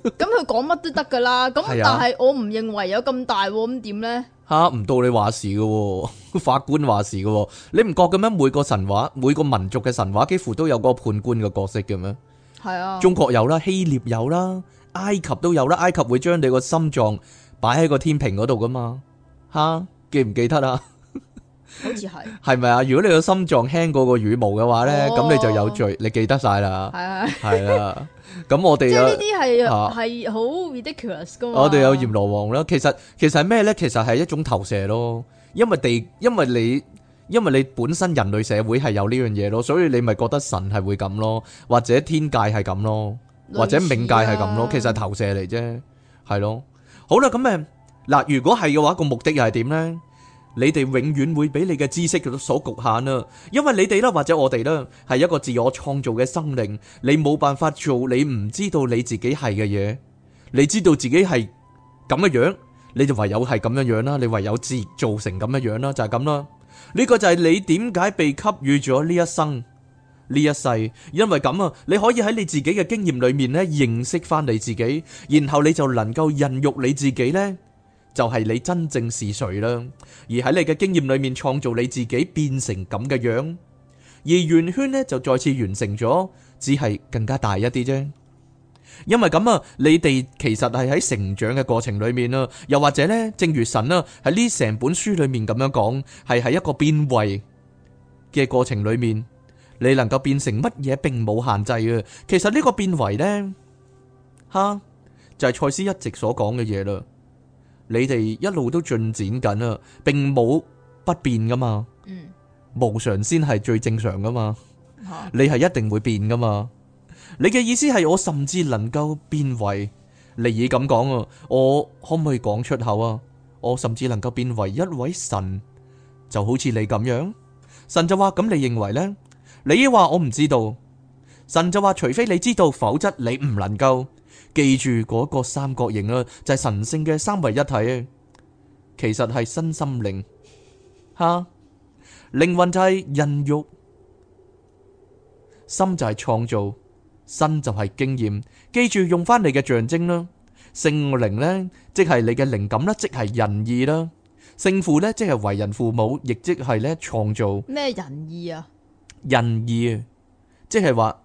咁佢講乜都得噶啦。咁、啊、但係我唔認為有咁大喎，咁點咧？吓，唔到你話事噶，法官話事噶。你唔覺咁樣每個神話、每個民族嘅神話，幾乎都有個判官嘅角色嘅咩？係啊，中國有啦，希臘有啦，埃及都有啦，埃及會將你個心臟。擺喺個天平嗰度噶嘛？吓，記唔記得啊？好似係，係咪啊？如果你個心臟輕過個羽毛嘅話咧，咁你就有罪。你記得晒啦，係啊係啊。咁我哋即係呢啲係係好 ridiculous 噶嘛？我哋有閻羅王啦。其實其實係咩咧？其實係一種投射咯，因為地，因為你因為你本身人類社會係有呢樣嘢咯，所以你咪覺得神係會咁咯，或者天界係咁咯，或者冥界係咁咯。其實係投射嚟啫，係咯。好啦，咁誒，嗱，如果係嘅話，個目的又係點呢？你哋永遠會俾你嘅知識叫做所局限啦，因為你哋啦，或者我哋啦，係一個自我創造嘅心靈，你冇辦法做你唔知道你自己係嘅嘢，你知道自己係咁嘅樣，你就唯有係咁樣樣啦，你唯有自造成咁樣樣啦，就係咁啦，呢個就係你點解被給予咗呢一生。呢一世，因為咁啊，你可以喺你自己嘅經驗裏面咧，認識翻你自己，然後你就能夠孕育你自己咧，就係你真正是誰啦。而喺你嘅經驗裏面創造你自己，變成咁嘅樣，而圓圈咧就再次完成咗，只係更加大一啲啫。因為咁啊，你哋其實係喺成長嘅過程裏面啊，又或者咧，正如神啊，喺呢成本書裏面咁樣講，係喺一個變位嘅過程裏面。你能夠變成乜嘢，並冇限制啊。其實呢個變為呢，吓就係、是、賽斯一直所講嘅嘢啦。你哋一路都進展緊啊，並冇不變噶嘛。嗯、無常先係最正常噶嘛。你係一定會變噶嘛。你嘅意思係我甚至能夠變為你以咁講啊？我可唔可以講出口啊？我甚至能夠變為一位神，就好似你咁樣。神就話咁。你認為呢？你話我唔知道，神就話，除非你知道，否則你唔能夠記住嗰個三角形啦，就係神聖嘅三位一體啊。其實係身心靈吓，靈魂就係孕育，心就係創造，身就係經驗。記住用翻你嘅象徵啦，聖靈咧即係你嘅靈感啦，即係仁義啦，聖父咧即係為人父母，亦即係咧創造咩仁義啊？人意，即係話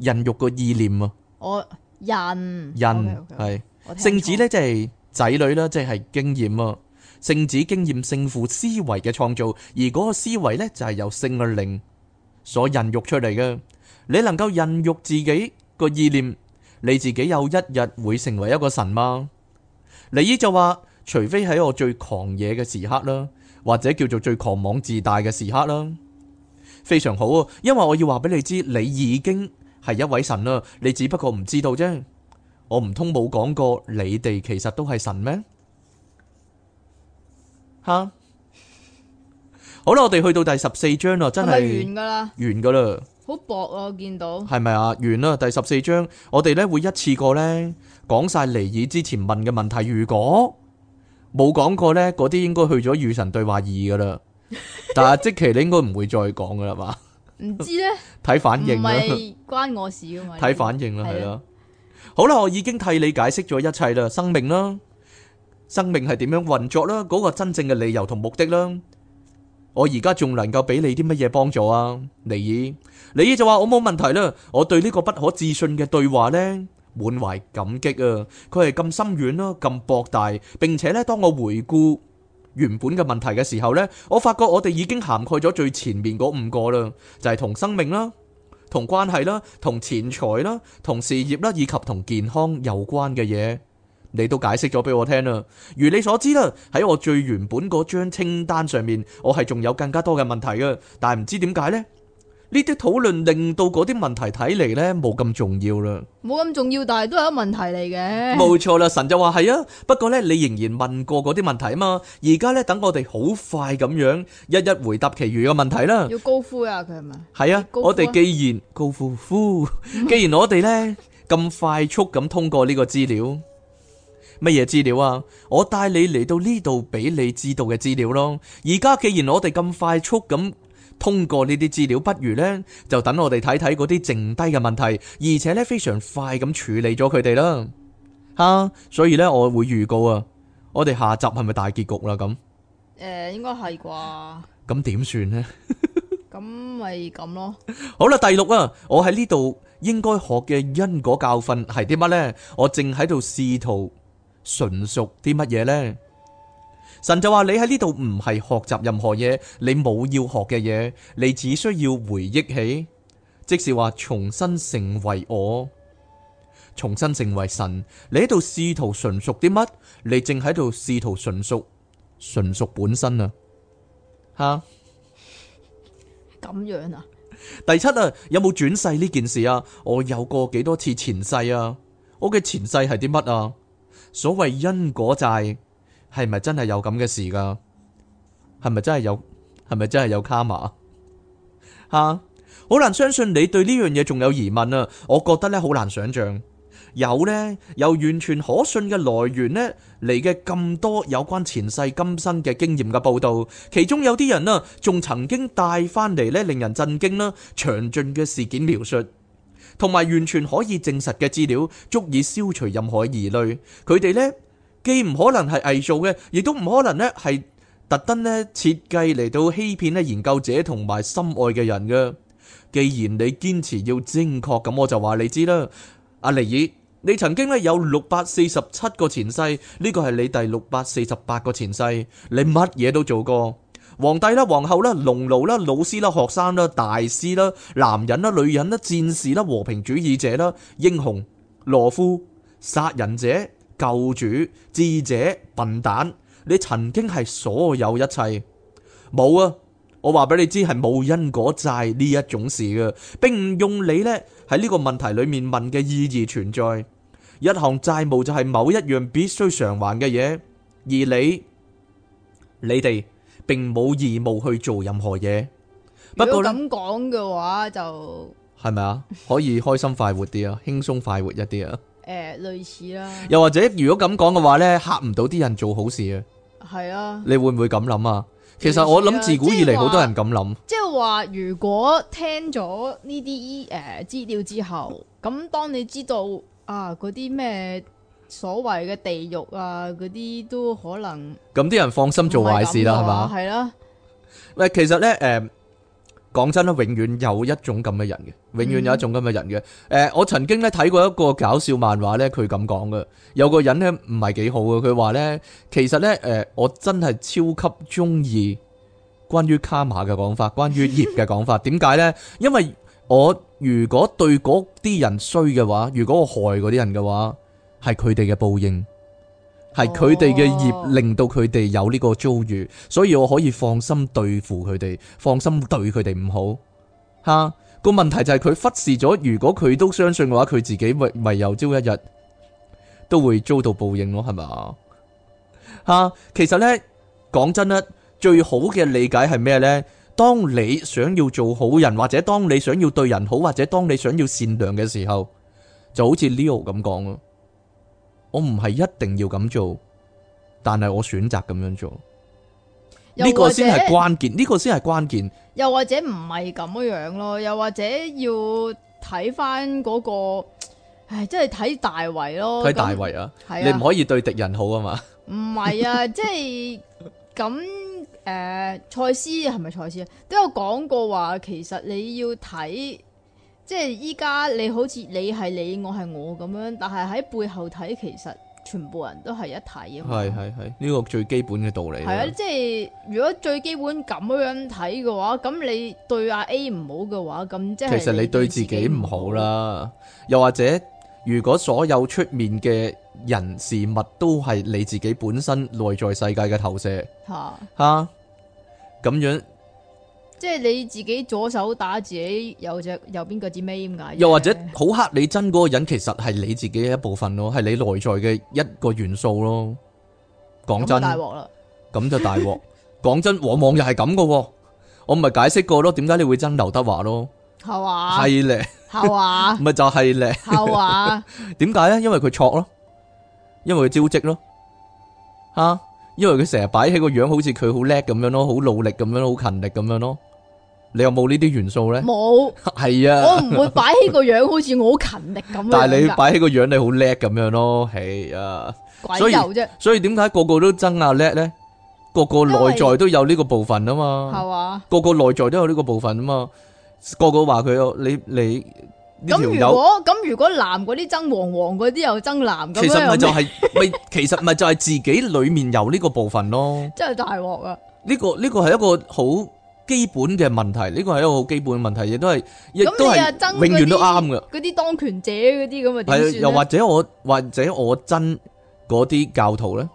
孕育個意念啊。我仁仁係聖子咧，即係仔女啦，即係經驗啊。聖子經驗聖父思維嘅創造，而嗰個思維咧就係由聖嘅靈所孕育出嚟嘅。你能夠孕育自己個意念，你自己有一日會成為一個神嗎？李依就話，除非喺我最狂野嘅時刻啦，或者叫做最狂妄自大嘅時刻啦。非常好啊，因為我要話俾你知，你已經係一位神啦，你只不過唔知道啫。我唔通冇講過，你哋其實都係神咩？吓，好啦，我哋去到第十四章啦，真係完噶啦，係咪完噶啦，好薄啊，我見到係咪啊？完啦，第十四章，我哋咧會一次過咧講晒尼爾之前問嘅問題。如果冇講過咧，嗰啲應該去咗與神對話二噶啦。但係即期你應該唔會再講噶啦嘛？唔知咧，睇反應啦，關我事噶嘛？睇反應啦，係啦。好啦，我已經替你解釋咗一切啦，生命啦，生命係點樣運作啦，嗰個真正嘅理由同目的啦。我而家仲能夠俾你啲乜嘢幫助啊？尼爾，尼爾就話我冇問題啦。我對呢個不可置信嘅對話咧，滿懷感激啊！佢係咁深遠咯，咁博大，並且咧，當我回顧。原本嘅問題嘅時候呢，我發覺我哋已經涵蓋咗最前面嗰五個啦，就係、是、同生命啦、同關係啦、同錢財啦、同事業啦以及同健康有關嘅嘢，你都解釋咗俾我聽啦。如你所知啦，喺我最原本嗰張清單上面，我係仲有更加多嘅問題嘅，但係唔知點解呢。呢啲討論令到嗰啲問題睇嚟呢，冇咁重要啦。冇咁重要，但係都係一個問題嚟嘅。冇錯啦，神就話，係呀。不過呢，你仍然問過嗰啲問題嘛，而家呢，等我哋好快咁樣，一一回答其餘嘅問題啦。要高呼呀，佢係咪。係呀，高呼。我哋既然，高呼呼。既然我哋呢，咁快速咁通過呢個資料。乜嘢資料呀？我帶你嚟到呢度俾你知道嘅資料囉。而家既然我哋咁快速咁。 通過呢啲資料，不如呢就等我哋睇睇嗰啲剩低嘅問題，而且呢非常快咁處理咗佢哋啦。吓、啊，所以呢，我會預告啊，我哋下集係咪大結局啦？咁誒，應該係啩？咁點算咧？咁咪咁咯。好啦，第六啊，我喺呢度應該學嘅因果教訓係啲乜呢？我正喺度試圖純熟啲乜嘢呢？神就話你喺呢度唔係學習任何嘢，你冇要學嘅嘢，你只需要回憶起，即是話重新成為我，重新成為神。你喺度試圖純熟啲乜？你正喺度試圖純熟，純熟本身啊，吓咁樣啊？第七啊，有冇轉世呢件事啊？我有過幾多次前世啊？我嘅前世係啲乜啊？所謂因果債。係咪真係有咁嘅事噶？係咪真係有？係咪真係有卡瑪啊？吓，好難相信你對呢樣嘢仲有疑問啊！我覺得咧好難想象，有呢，有完全可信嘅來源呢，嚟嘅，咁多有關前世今生嘅經驗嘅報道，其中有啲人啦仲曾經帶翻嚟，呢令人震驚啦詳盡嘅事件描述，同埋完全可以證實嘅資料，足以消除任何疑慮。佢哋呢。既唔可能係偽造嘅，亦都唔可能咧係特登咧設計嚟到欺騙咧研究者同埋心愛嘅人嘅。既然你堅持要精確，咁我就話你知啦。阿、啊、尼爾，你曾經咧有六百四十七個前世，呢個係你第六百四十八個前世。你乜嘢都做過，皇帝啦、皇后啦、農奴啦、老師啦、學生啦、大師啦、男人啦、女人啦、戰士啦、和平主義者啦、英雄、懦夫、殺人者。救主，智者，笨蛋，你曾經係所有一切。冇啊，我話俾你知係冇因果債呢一種事嘅，並唔用你呢喺呢個問題裏面問嘅意義存在，一項債務就係某一樣必須償還嘅嘢，而你你哋並冇義務去做任何嘢誒，類似啦。又或者，如果咁講嘅話呢，吓唔到啲人做好事啊。係啊。你會唔會咁諗啊？其實我諗自古以嚟好多人咁諗。即係話，如果聽咗呢啲誒資料之後，咁當你知道啊嗰啲咩所謂嘅地獄啊，嗰啲都可能。咁啲人放心做壞事啦，係嘛？係啦。喂，其實呢，誒。講真啦，永遠有一種咁嘅人嘅，永遠有一種咁嘅人嘅。誒、呃，我曾經咧睇過一個搞笑漫畫咧，佢咁講嘅，有個人咧唔係幾好嘅，佢話咧，其實咧，誒、呃，我真係超級中意關於卡瑪嘅講法，關於業嘅講法。點解咧？因為我如果對嗰啲人衰嘅話，如果我害嗰啲人嘅話，係佢哋嘅報應。係佢哋嘅業令到佢哋有呢個遭遇，所以我可以放心對付佢哋，放心對佢哋唔好。吓、啊、個問題就係佢忽視咗，如果佢都相信嘅話，佢自己咪咪有朝一日都會遭到報應咯，係嘛？吓、啊，其實呢，講真咧，最好嘅理解係咩呢？當你想要做好人，或者當你想要對人好，或者當你想要善良嘅時候，就好似 Leo 咁講啊。我唔係一定要咁做，但係我選擇咁樣做，呢個先係關鍵，呢個先係關鍵。又或者唔係咁樣咯，又或者要睇翻嗰個，唉，即係睇大圍咯。睇大圍啊，係那、啊、你唔可以對敵人好啊嘛。唔係啊， 即係咁誒，賽斯係咪賽斯啊？都有講過話，其實你要睇。即係依家你好似你係你我係我咁樣，但係喺背後睇，其實全部人都係一體啊！係係係呢個最基本嘅道理。係啊，即係如果最基本咁樣睇嘅話，咁你對阿 A 唔好嘅話，咁即係其實你對自己唔好啦。又或者，如果所有出面嘅人事物都係你自己本身內在世界嘅投射，吓吓咁樣。即係你自己左手打自己右隻右邊個字咩咁解？又或者好黑你憎嗰個人，其實係你自己一部分咯，係你內在嘅一個元素咯。講真，大鑊啦，咁就大鑊。講真，往往又係咁噶。我唔係解釋過咯，點解你會憎劉德華咯？係咪係咧，係咪咪就係咧，係咪點解咧？因為佢錯咯，因為佢招積咯，吓，因為佢成日擺起個樣好似佢好叻咁樣咯，好努力咁樣，好勤力咁樣咯。你有冇呢啲元素咧？冇，係啊，我唔會擺起個樣，好似我好勤力咁樣。但係你擺起個樣，你好叻咁樣咯，係啊。鬼有啫！所以點解個個都憎啊叻咧？個個內在都有呢個部分啊嘛。係嘛？個個內在都有呢個部分啊嘛。個個話佢，你你呢條友咁？如果咁，如果藍嗰啲憎黃黃嗰啲又憎藍咁樣樣，其實咪就係咪？其實咪就係自己裏面有呢個部分咯。真係大鑊啊！呢個呢個係一個好。基本嘅問題，呢個係一個好基本嘅問題，亦都係亦都係永遠都啱㗎。嗰啲當權者嗰啲咁嘅，係又或者我或者我憎嗰啲教徒咧，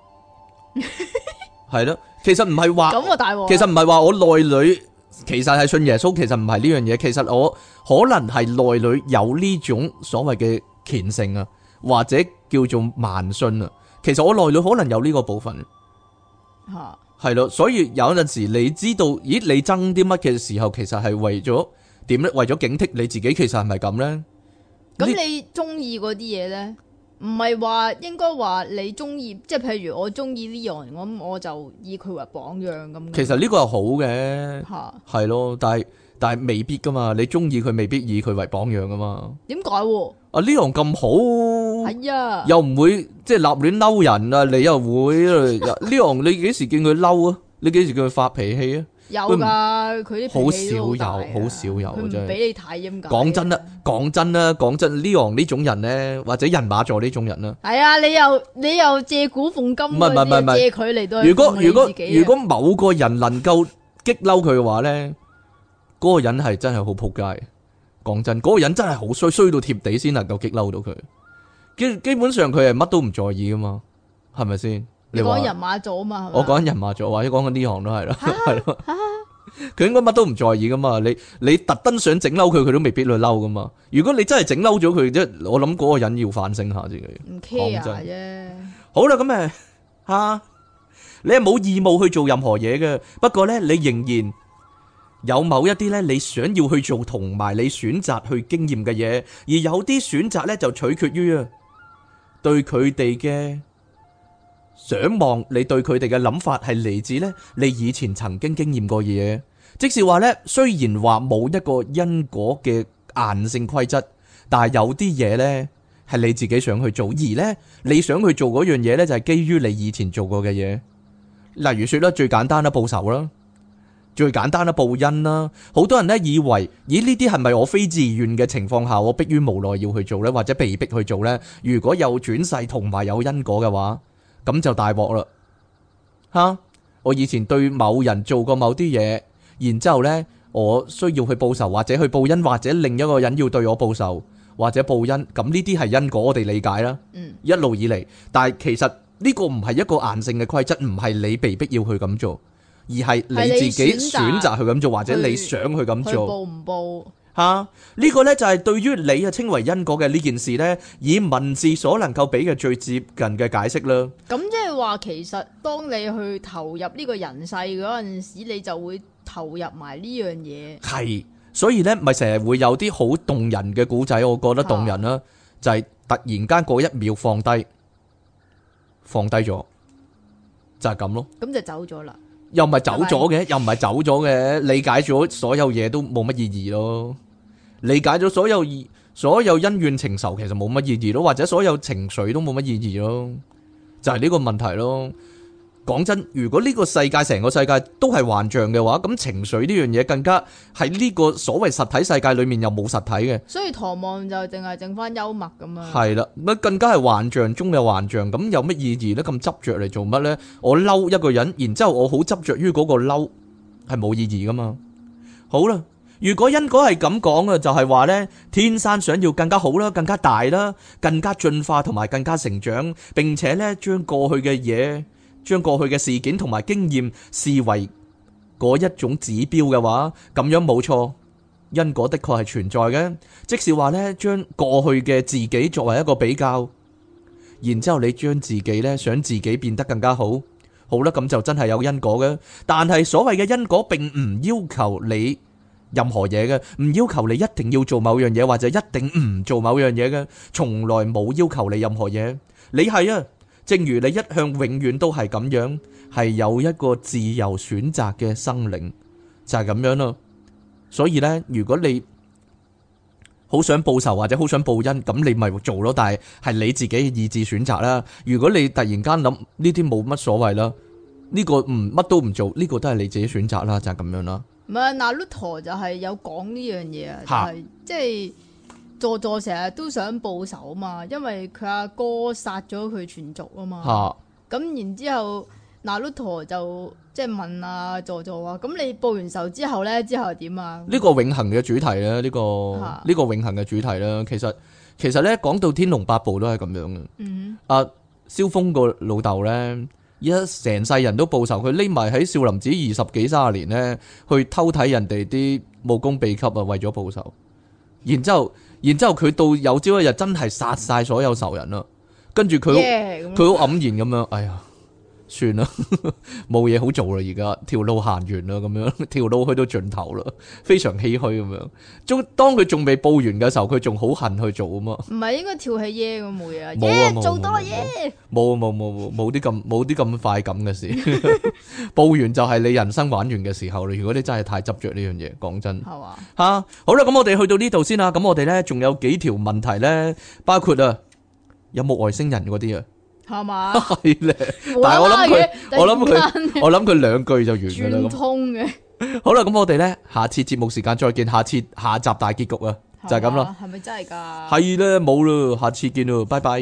係咯，其實唔係話咁啊，大王，其實唔係話我內裏其實係信耶穌，其實唔係呢樣嘢，其實我可能係內裏有呢種所謂嘅虔誠啊，或者叫做盲信啊，其實我內裏可能有呢個部分。吓。係咯，所以有陣時你知道，咦你憎啲乜嘅時候，其實係為咗點咧？為咗警惕你自己，其實係咪咁咧？咁你中意嗰啲嘢咧，唔係話應該話你中意，即係譬如我中意 Leon，我咁我就以佢為榜樣咁。其實呢個係好嘅，係咯的，但係但係未必噶嘛，你中意佢未必以佢為榜樣噶嘛。點解？啊，Leon 咁好。係啊，又唔會即係立亂嬲人啊！你又會 Leon，你幾時見佢嬲啊？你幾時見佢發脾氣啊？有噶，佢啲脾氣都好大。好少有，好少有，真係俾你太陰。講真啦，講真啦，講真，Leon 呢種人咧，或者人馬座呢種人啦，係啊，你又你又借古諷今，唔係，唔係，唔係，借佢嚟到。如果如果如果某個人能夠激嬲佢嘅話咧，嗰個人係真係好撲街。講真，嗰個人真係好衰，衰到貼地先能夠激嬲到佢。基基本上佢係乜都唔在意噶嘛，係咪先？你講人馬座啊嘛，我講人馬座或者講緊呢行都係啦，係咯。佢應該乜都唔在意噶嘛。你你特登想整嬲佢，佢都未必去嬲噶嘛。如果你真係整嬲咗佢啫，我諗嗰個人要反省下先。唔 care 啫。好啦，咁誒，吓，你係冇義務去做任何嘢嘅。不過咧，你仍然有某一啲咧，你想要去做同埋你選擇去經驗嘅嘢，而有啲選擇咧就取決於啊。對佢哋嘅想望，你對佢哋嘅諗法係嚟自，呢，你以前曾經經驗過嘅嘢。即是話呢，雖然話冇一個因果嘅硬性規則，但係有啲嘢呢，係你自己想去做，而呢，你想去做嗰樣嘢呢，就係基於你以前做過嘅嘢。例如說啦，最簡單啦，報仇啦。最簡單啦，報恩啦，好多人呢，以為，咦呢啲係咪我非自願嘅情況下，我迫於無奈要去做呢，或者被逼去做呢？如果有轉世同埋有因果嘅話，咁就大鑊啦！吓，我以前對某人做過某啲嘢，然之後呢，我需要去報仇或者去報恩，或者另一個人要對我報仇或者報恩，咁呢啲係因果，我哋理解啦。一路以嚟。但係其實呢個唔係一個硬性嘅規則，唔係你被逼要去咁做。而係你自己選擇去咁做，或者你想去咁做。報唔報？吓，呢個咧就係對於你啊稱為因果嘅呢件事咧，以文字所能夠俾嘅最接近嘅解釋啦。咁即係話，其實當你去投入呢個人世嗰陣時，你就會投入埋呢樣嘢。係，所以咧咪成日會有啲好動人嘅古仔，我覺得動人啦，就係突然間嗰一秒放低，放低咗，就係咁咯。咁就走咗啦。又唔係走咗嘅，Bye bye. 又唔係走咗嘅，理解咗所有嘢都冇乜意義咯，理解咗所有意，所有恩怨情仇其實冇乜意義咯，或者所有情緒都冇乜意義咯，就係呢個問題咯。講真，如果呢個世界成個世界都係幻象嘅話，咁情緒呢樣嘢更加係呢個所謂實體世界裏面又冇實體嘅，所以唐望就淨係剩翻幽默咁樣。係啦，乜更加係幻象中嘅幻象咁，有乜意義呢？咁執着嚟做乜呢？我嬲一個人，然之後我好執着於嗰個嬲，係冇意義噶嘛。好啦，如果因果係咁講嘅，就係話呢，天生想要更加好啦，更加大啦，更加進化同埋更加成長，並且呢，將過去嘅嘢。將過去嘅事件同埋經驗視為嗰一種指標嘅話，咁樣冇錯，因果的確係存在嘅，即係話呢，將過去嘅自己作為一個比較，然之後，你將自己呢，想自己變得更加好，好啦，咁就真係有因果嘅，但係所謂嘅因果並唔要求你任何嘢嘅，唔要求你一定要做某樣嘢，或者一定唔做某樣嘢嘅，從來冇要求你任何嘢，你係啊，正如你一向、永遠都係咁樣，係有一個自由選擇嘅生靈，就係、是、咁樣咯。所以咧，如果你好想報仇或者好想報恩，咁你咪做咯。但係係你自己嘅意志選擇啦。如果你突然間諗呢啲冇乜所謂啦，呢、這個唔乜都唔做，呢、這個都係你自己選擇啦，就係、是、咁樣啦。唔係，那魯陀就係有講呢樣嘢啊，即係。座座成日都想報仇嘛，因為佢阿哥殺咗佢全族啊嘛。咁、啊、然之後那魯陀就即係問阿座座話：，咁你報完仇之後咧，之後點啊？呢個永恒嘅主題咧，呢、呢個呢、啊、個永恒嘅主題咧，其實其實咧講到天龍八部都係咁樣嘅。阿蕭、嗯啊、峰個老豆咧，而家成世人都報仇，佢匿埋喺少林寺二十幾三十年咧，去偷睇人哋啲武功秘笈啊，為咗報仇，然之後。嗯然之後佢到有朝一日真係殺晒所有仇人啦，跟住佢佢好黯然咁樣，哎呀！算啦，冇嘢好做啦，而家條路行完啦，咁樣條路去到盡頭啦，非常唏噓咁樣。仲當佢仲未報完嘅時候，佢仲好恨去做啊嘛。唔係應該跳起耶咁冇嘢啊，耶做多嘢。冇冇冇冇冇啲咁冇啲咁快咁嘅事。報完就係你人生玩完嘅時候啦。如果你真係太執着呢樣嘢，講真係嘛吓。好啦，咁我哋去到呢度先啦。咁我哋咧仲有幾條問題咧，包括啊有冇外星人嗰啲啊。係嘛？係咧。 但係我諗佢，我諗佢，我諗佢兩句就完噶啦。通嘅 。好啦，咁我哋咧，下次節目時間再見，下次下集大結局啊，吧就係咁咯。係咪真係噶？係咧， 冇啦，下次見咯，拜拜。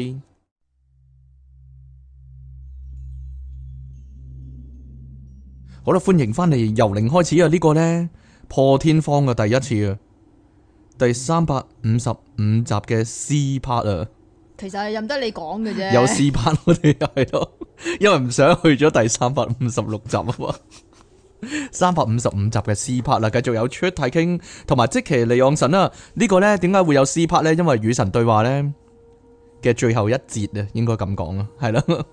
好啦，歡迎翻嚟，由零開始啊！這個、呢個咧破天荒嘅第一次啊， 第三百五十五集嘅 C part 啊。其實係任得你講嘅啫，有撕拍我哋又係咯，因為唔想去咗第三百五十六集啊，三百五十五集嘅撕拍啦，繼續有出太傾同埋即其利昂神啊。呢個咧點解會有撕拍咧？因為與神對話咧嘅最後一節啊，應該咁講啊，係咯。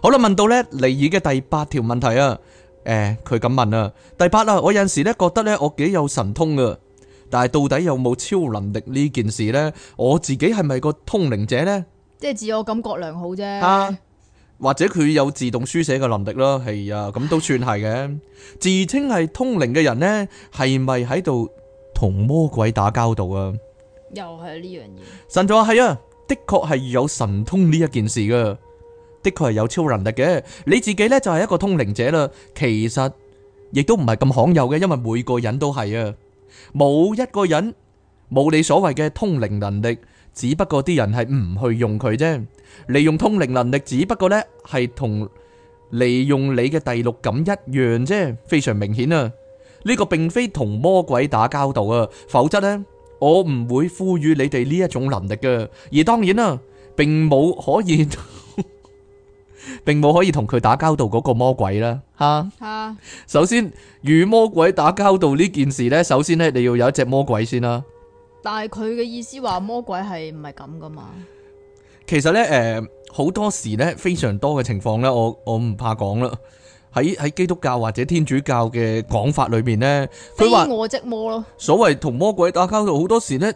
好啦，問到咧尼爾嘅第八條問題啊，誒，佢咁問啦，第八啊，我有陣時咧覺得咧我幾有神通㗎。但係到底有冇超能力呢件事呢？我自己係咪個通靈者呢？即係自我感覺良好啫。啊， 或者佢有自動書寫嘅能力咯？係啊，咁都算係嘅。 自稱係通靈嘅人呢，係咪喺度同魔鬼打交道啊？又係呢樣嘢。神就話係啊，的確係有神通呢一件事噶，的確係有超能力嘅。你自己呢，就係一個通靈者啦。其實亦都唔係咁罕有嘅，因為每個人都係啊。冇一個人，冇你所謂嘅通靈能力，只不過啲人係唔去用佢啫。利用通靈能力只不過呢係同利用你嘅第六感一樣啫，非常明顯啊。呢、這個並非同魔鬼打交道啊，否則呢，我唔會賦予你哋呢一種能力嘅。而當然啦、啊，並冇可以。 並冇可以同佢打交道嗰個魔鬼啦，吓，吓，首先與魔鬼打交道呢件事呢，首先咧你要有一隻魔鬼先啦。但係佢嘅意思話魔鬼係唔係咁噶嘛？其實呢，誒、呃，好多時呢，非常多嘅情況呢，我我唔怕講啦。喺喺基督教或者天主教嘅講法裏面呢，佢非我即魔咯。所謂同魔鬼打交道，好多時呢，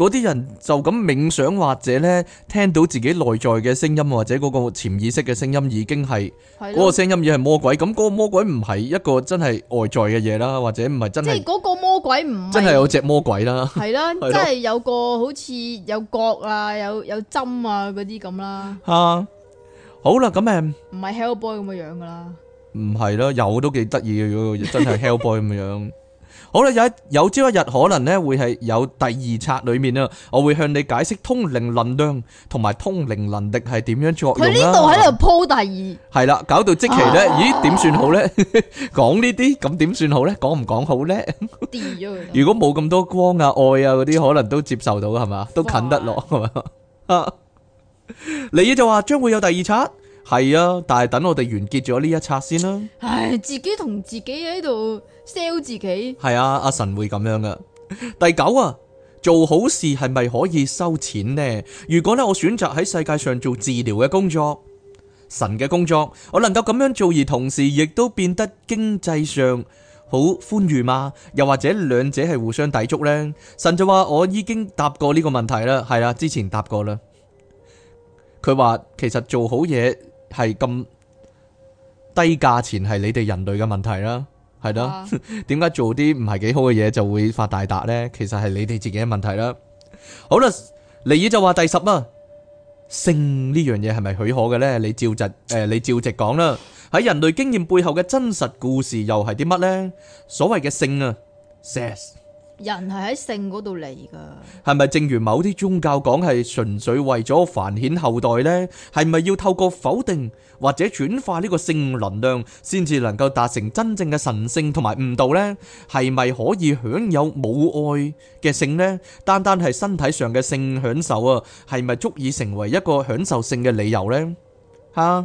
嗰啲人就咁冥想或者咧，聽到自己內在嘅聲音，或者嗰個潛意識嘅聲音已經係嗰個聲音已經係魔鬼，咁，個魔鬼唔係一個真係外在嘅嘢啦，或者唔係真係即係嗰個魔鬼唔係真係有隻魔鬼啦，係啦，真係有個好似有角啊、有有針啊嗰啲咁啦。啊，好啦，咁啊，唔係 Hellboy 咁嘅樣噶啦，唔係咯，有都幾得意嘅嗰個真係 Hellboy 咁樣。好啦，有有朝一日可能咧會係有第二冊裏面啊，我會向你解釋通靈能量同埋通靈能力係點樣作用啦。佢呢度喺度鋪第二，係啦，搞到即期咧，咦，點算好咧？講呢啲咁點算好咧？講唔講好咧？跌咗佢。如果冇咁多光啊、愛啊嗰啲，可能都接受到係嘛，都近得落係嘛啊？你依就話將會有第二冊，係啊，但係等我哋完結咗呢一冊先啦。唉，自己同自己喺度。sell 自己係啊，阿神會咁樣噶。第九啊，做好事係咪可以收錢呢？如果呢，我選擇喺世界上做治療嘅工作，神嘅工作，我能夠咁樣做，而同時亦都變得經濟上好寬裕嘛。又或者兩者係互相抵觸呢？神就話我已經答過呢個問題啦，係啦，之前答過啦。佢話其實做好嘢係咁低價錢，係你哋人類嘅問題啦。係咯，點解做啲唔係幾好嘅嘢就會發大達呢？其實係你哋自己嘅問題啦。好啦，尼爾就話第十啊，性呢樣嘢係咪許可嘅呢？你照直誒、呃，你照直講啦。喺人類經驗背後嘅真實故事又係啲乜呢？所謂嘅性啊，蛇。人係喺性嗰度嚟噶，係咪正如某啲宗教講係純粹為咗繁衍後代咧？係咪要透過否定，或者轉化呢個性能量，先至能夠達成真正嘅神聖同埋悟道咧？係咪可以享有母愛嘅性咧？單單係身體上嘅性享受啊，係咪足以成為一個享受性嘅理由咧？吓，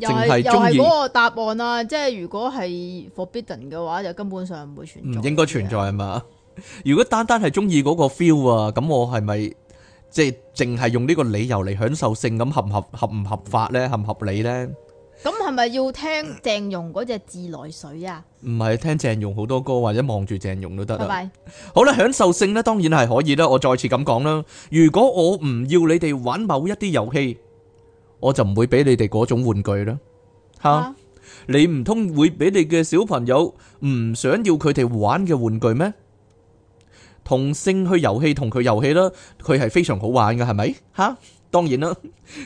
淨係中意嗰個答案啊！即係如果係 forbidden 嘅話，就根本上唔會存在，唔應該存在係咪？如果單單係中意嗰個 feel 啊，咁我係咪即係淨係用呢個理由嚟享受性咁合唔合，合唔合法呢？合唔合理呢？咁係咪要聽鄭融嗰隻自來水啊？唔係聽鄭融好多歌或者望住鄭融都得啊！好啦，享受性呢，當然係可以啦。我再次咁講啦，如果我唔要你哋玩某一啲遊戲，我就唔會俾你哋嗰種玩具啦。吓，你唔通會俾你嘅小朋友唔想要佢哋玩嘅玩具咩？同性去遊戲同佢遊戲啦，佢係非常好玩嘅，係咪吓？當然啦，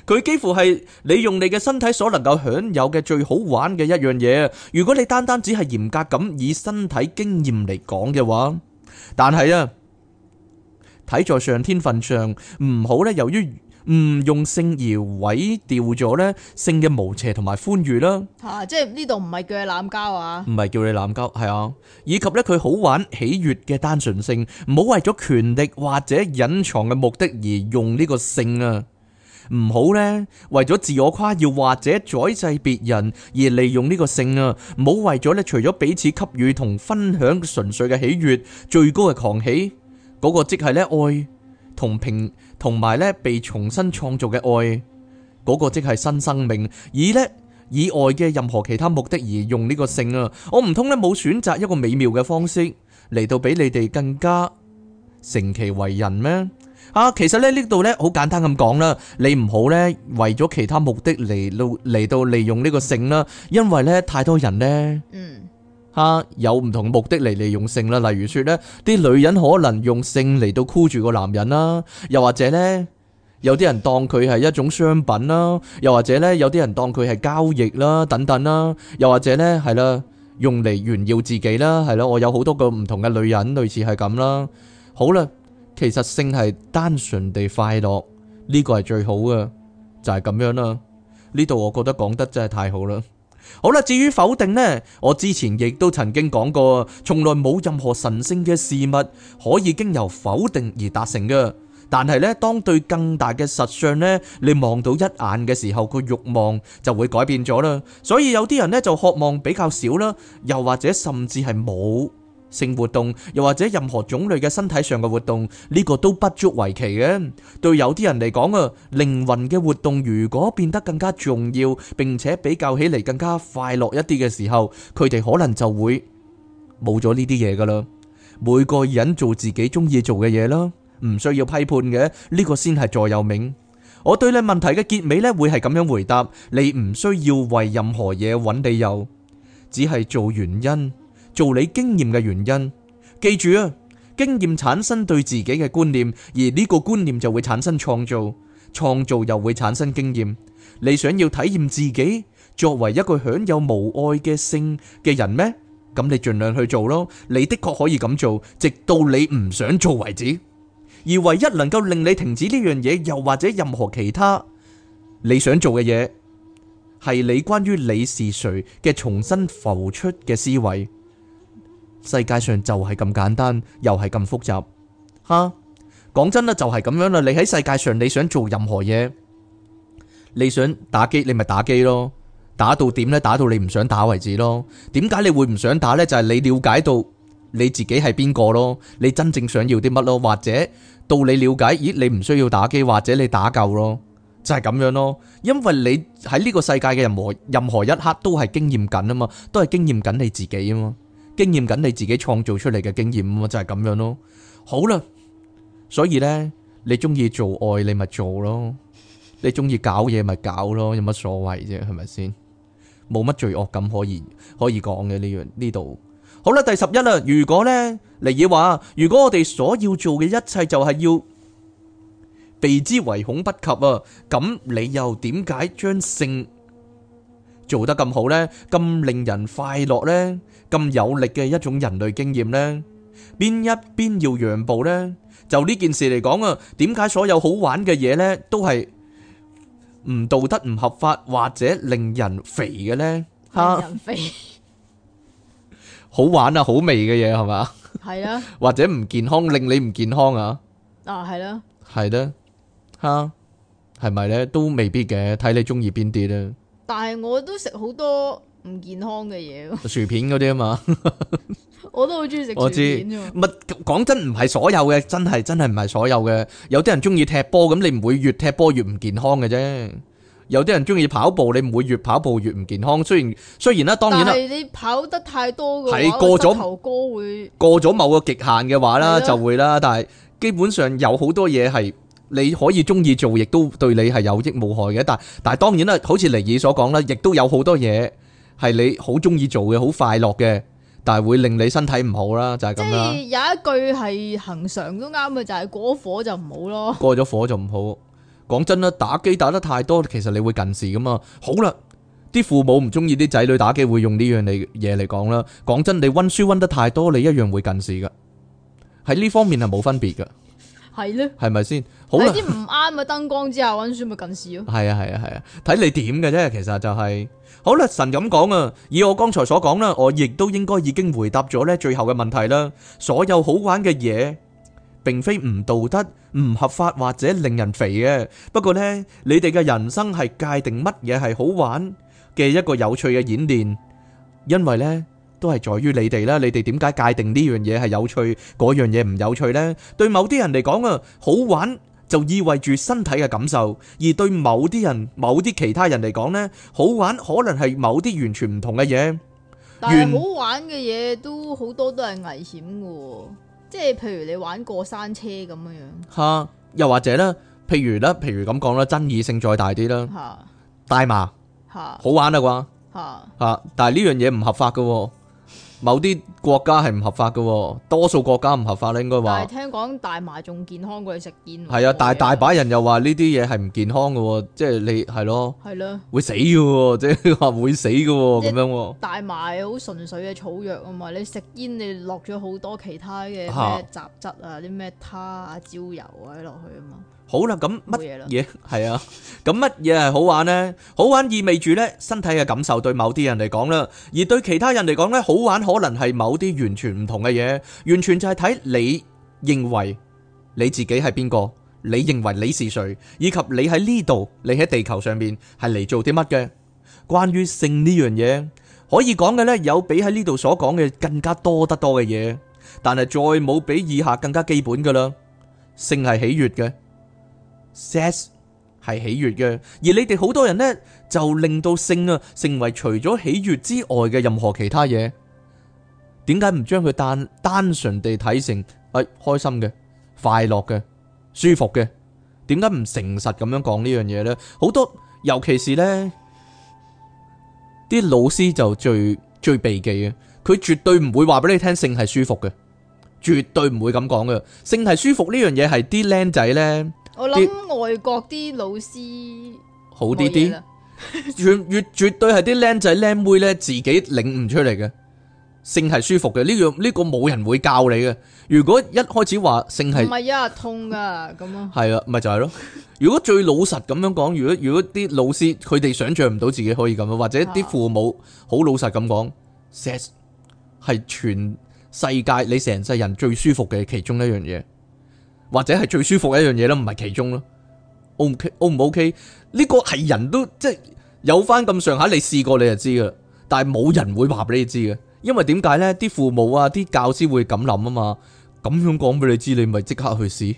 佢幾乎係你用你嘅身體所能夠享有嘅最好玩嘅一樣嘢。如果你單單只係嚴格咁以身體經驗嚟講嘅話，但係啊，睇在上天份上，唔好咧，由於。唔、嗯、用性而毀掉咗咧，性嘅無邪同埋歡愉啦，吓、啊，即係呢度唔係叫你濫交啊，唔係叫你濫交，係啊，以及呢，佢好玩喜悅嘅單純性，唔好為咗權力或者隱藏嘅目的而用呢個性啊，唔好呢，為咗自我誇耀或者宰制別人而利用呢個性啊，唔好為咗呢，除咗彼此給予同分享純粹嘅喜悅最高嘅狂喜嗰、那個即係呢愛同平。同埋咧，被重新創造嘅愛，嗰個即係新生命。而咧，以愛嘅任何其他目的而用呢個性啊，我唔通咧冇選擇一個美妙嘅方式嚟到俾你哋更加成其為人咩？啊，其實咧呢度咧好簡單咁講啦，你唔好咧為咗其他目的嚟到嚟到利用呢個性啦，因為咧太多人咧。嗯吓有唔同的目的嚟利用性啦，例如說咧啲女人可能用性嚟到箍住個男人啦，又或者咧有啲人當佢係一種商品啦，又或者咧有啲人當佢係交易啦等等啦，又或者咧係啦用嚟炫耀自己啦，係咯，我有好多個唔同嘅女人類似係咁啦。好啦，其實性係單純地快樂呢、呢個係最好嘅，就係、係、咁樣啦。呢度我覺得講得真係太好啦。好啦，至於否定呢，我之前亦都曾經講過，從來冇任何神聖嘅事物可以經由否定而達成㗎。但係呢，當對更大嘅實相呢，你望到一眼嘅時候，個慾望就會改變咗啦。所以有啲人呢就渴望比較少啦，又或者甚至係冇。性活動，又或者任何種類嘅身體上嘅活動，呢個都不足為奇嘅。對有啲人嚟講啊，靈魂嘅活動如果變得更加重要，並且比較起嚟更加快樂一啲嘅時候，佢哋可能就會冇咗呢啲嘢噶啦。每個人做自己中意做嘅嘢啦，唔需要批判嘅，呢個先係座右銘。我對你問題嘅結尾咧，會係咁樣回答：你唔需要為任何嘢揾理由，只係做原因。做你經驗嘅原因，記住啊，經驗產生對自己嘅觀念，而呢個觀念就會產生創造，創造又會產生經驗。你想要體驗自己作為一個享有無愛嘅性嘅人咩？咁你盡量去做咯。你的確可以咁做，直到你唔想做為止。而唯一能夠令你停止呢樣嘢，又或者任何其他你想做嘅嘢，係你關於你是誰嘅重新浮出嘅思維。世界上就係咁簡單，又係咁複雜，吓，講真啦，就係咁樣啦。你喺世界上，你想做任何嘢，你想打機，你咪打機咯，打到點呢？打到你唔想打為止咯。點解你會唔想打呢？就係你了解到你自己係邊個咯，你真正想要啲乜咯？或者到你了解，咦，你唔需要打機，或者你打夠咯，就係咁樣咯。因為你喺呢個世界嘅任何任何一刻都係經驗緊啊嘛，都係經驗緊你自己啊嘛。經驗緊你自己創造出嚟嘅經驗，就係咁樣咯。好啦，所以呢，你中意做愛你咪做咯，你中意搞嘢咪搞咯，有乜所謂啫？係咪先？冇乜罪惡感可以可以講嘅呢樣呢度。好啦，第十一啦。如果呢，尼爾話，如果我哋所要做嘅一切就係要避之唯恐不及啊，咁你又點解將性做得咁好呢？咁令人快樂呢？咁有力嘅一種人類經驗咧，邊一邊要讓步咧？就呢件事嚟講啊，點解所有好玩嘅嘢咧都係唔道德、唔合法或者令人肥嘅咧？令人肥，好玩啊，好味嘅嘢係嘛？係啦，或者唔健康，令你唔健康啊？啊，係啦，係啦，吓，係咪咧？都未必嘅，睇你中意邊啲咧。但係我都食好多。唔健康嘅嘢，薯片嗰啲啊嘛 ，我都好中意食薯片啫知。唔係講真，唔係所有嘅，真係真係唔係所有嘅。有啲人中意踢波，咁你唔會越踢波越唔健康嘅啫。有啲人中意跑步，你唔會越跑步越唔健康。雖然雖然啦，當然啦，你跑得太多嘅話，係過咗會過咗某個極限嘅話啦，對了 就會啦。但係基本上有好多嘢係你可以中意做，亦都對你係有益無害嘅。但但係當然啦，好似尼爾所講啦，亦都有好多嘢。係你好中意做嘅，好快樂嘅，但係會令你身體唔好啦，就係咁啦。即係有一句係行常都啱嘅，就係、是、過火就唔好咯。過咗火就唔好。講真啦，打機打得太多，其實你會近視噶嘛。好啦，啲父母唔中意啲仔女打機，會用呢樣嘢嚟講啦。講真，你温書温得太多，你一樣會近視噶。喺呢方面係冇分別噶。係咧呢。係咪先？好啦，啲唔啱嘅燈光之下温書咪近視咯。係啊係啊係啊，睇、啊啊啊、你點嘅啫，其實就係、是。好啦，神咁講啊，以我剛才所講啦，我亦都應該已經回答咗咧，最後嘅問題啦。所有好玩嘅嘢，並非唔道德、唔合法或者令人肥嘅。不過呢，你哋嘅人生係界定乜嘢係好玩嘅一個有趣嘅演練，因為呢都係在於你哋啦。你哋點解界定呢樣嘢係有趣，嗰樣嘢唔有趣呢？對某啲人嚟講啊，好玩。就意味住身體嘅感受，而對某啲人、某啲其他人嚟講呢，好玩可能係某啲完全唔同嘅嘢。但係好玩嘅嘢都好多都係危險嘅，即係譬如你玩過山車咁樣樣。吓，又或者咧，譬如咧，譬如咁講啦，爭議性再大啲啦。吓哈，大麻吓，哈好玩啊啩吓吓，但係呢樣嘢唔合法嘅。某啲國家係唔合法㗎喎，多數國家唔合法咧，你應該話。但係聽講大麻仲健康過你食煙。係啊，也但係大把人又話呢啲嘢係唔健康㗎喎，即係你係咯。係咯，啊。會死嘅喎，即係話會死嘅喎，咁樣。大麻好純粹嘅草藥啊嘛，你食煙你落咗好多其他嘅咩雜質啊，啲咩、啊、他啊焦油啊啲落去啊嘛。好啦，咁乜嘢係啊？咁乜嘢係好玩呢？好玩意味住呢，身體嘅感受對某啲人嚟講啦，而對其他人嚟講呢，好玩可能係某啲完全唔同嘅嘢，完全就係睇你認為你自己係邊個，你認為你是誰，以及你喺呢度，你喺地球上面係嚟做啲乜嘅？關於性呢樣嘢，可以講嘅呢有比喺呢度所講嘅更加多得多嘅嘢，但係再冇比以下更加基本㗎喇。性係喜悅嘅。says 係喜悅嘅，而你哋好多人呢，就令到性啊，成為除咗喜悅之外嘅任何其他嘢。點解唔將佢單單純地睇成誒、哎、開心嘅、快樂嘅、舒服嘅？點解唔誠實咁樣講呢樣嘢呢？好多尤其是呢啲老師就最最避忌嘅，佢絕對唔會話俾你聽性係舒服嘅，絕對唔會咁講嘅。性係舒服呢樣嘢係啲僆仔呢。我諗外國啲老師好啲啲， 越越絕對係啲靚仔靚妹咧，自己領悟出嚟嘅，性係舒服嘅。呢樣呢個冇、這個、人會教你嘅。如果一開始話性係唔係啊痛噶咁啊，係啊，咪 就係、是、咯。如果最老實咁樣講，如果如果啲老師佢哋想象唔到自己可以咁樣，或者啲父母好老實咁講 sex 係全世界你成世人最舒服嘅其中一樣嘢。或者係最舒服一樣嘢啦，唔係其中咯。O 唔 O 唔 OK？呢個係人都即係有返咁上下，你試過你就知噶啦。但係冇人會話俾你知嘅，因為點解咧？啲父母啊，啲教師會咁諗啊嘛，咁樣講俾你知，你咪即刻去試，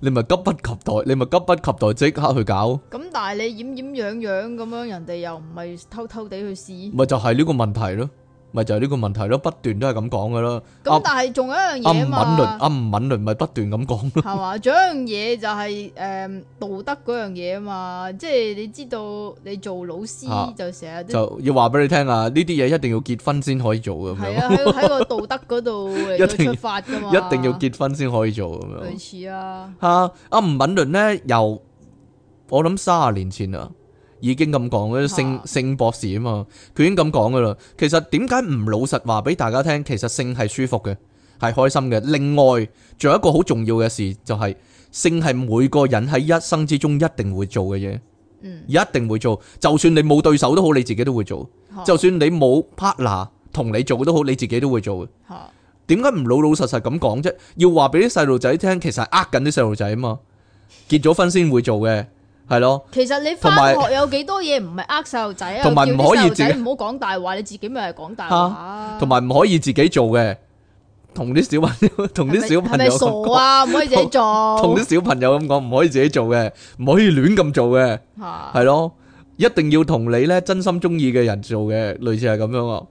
你咪急不及待，你咪急不及待即刻去搞。咁但係你掩掩樣樣咁樣，人哋又唔係偷偷地去試，咪就係呢個問題咯。咪就係呢個問題咯，不斷都係咁講噶咯。咁但係仲、啊、有一樣嘢啊嘛，阿吳、啊、敏倫，阿、啊、吳敏倫咪不斷咁講咯。係嘛，仲有一樣嘢就係、是、誒、呃、道德嗰樣嘢啊嘛，即係你知道你做老師就成日、啊、就要話俾你聽啊，呢啲嘢一定要結婚先可以做咁樣。係啊，喺 個道德嗰度嚟出發噶嘛，一，一定要結婚先可以做咁樣。類似啊，吓阿吳敏倫咧，又，我諗卅年前啊。已經咁講嗰啲性性博士啊嘛，佢已經咁講噶啦。其實點解唔老實話俾大家聽？其實性係舒服嘅，係開心嘅。另外，仲有一個好重要嘅事，就係性係每個人喺一生之中一定會做嘅嘢，嗯，一定會做。就算你冇對手都好，你自己都會做。就算你冇 partner 同你做都好，你自己都會做嘅。點解唔老老實實咁講啫？要話俾啲細路仔聽，其實呃緊啲細路仔啊嘛。結咗婚先會做嘅。係咯，其實你返學有幾多嘢,唔係呃細路仔啊，同埋唔可以自己唔好講大話，啊、你自己咪係講大話。同埋唔可以自己做嘅，同啲小朋友同啲小朋友傻啊，唔跟可以自己做。同啲小朋友咁講唔可以自己做嘅，唔可以亂咁做嘅，係、啊、咯，一定要同你咧真心中意嘅人做嘅，類似係咁樣哦。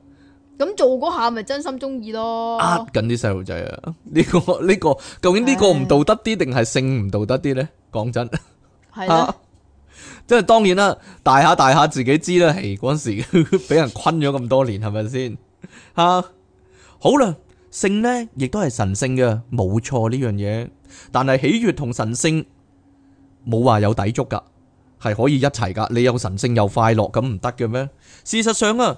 咁、啊、做嗰下咪真心中意咯？呃緊啲細路仔啊，呢、呢個呢、呢個、呢個、究竟呢個唔道德啲定係性唔道德啲咧？講真。係即係當然啦，大下大下自己知啦，係嗰陣時俾 人困咗咁多年，係咪先？吓、啊，好啦，性呢亦都係神聖嘅，冇錯呢樣嘢。但係喜悅同神聖冇話有抵觸噶，係可以一齊噶你有神聖又快樂，咁唔得嘅咩？事實上啊，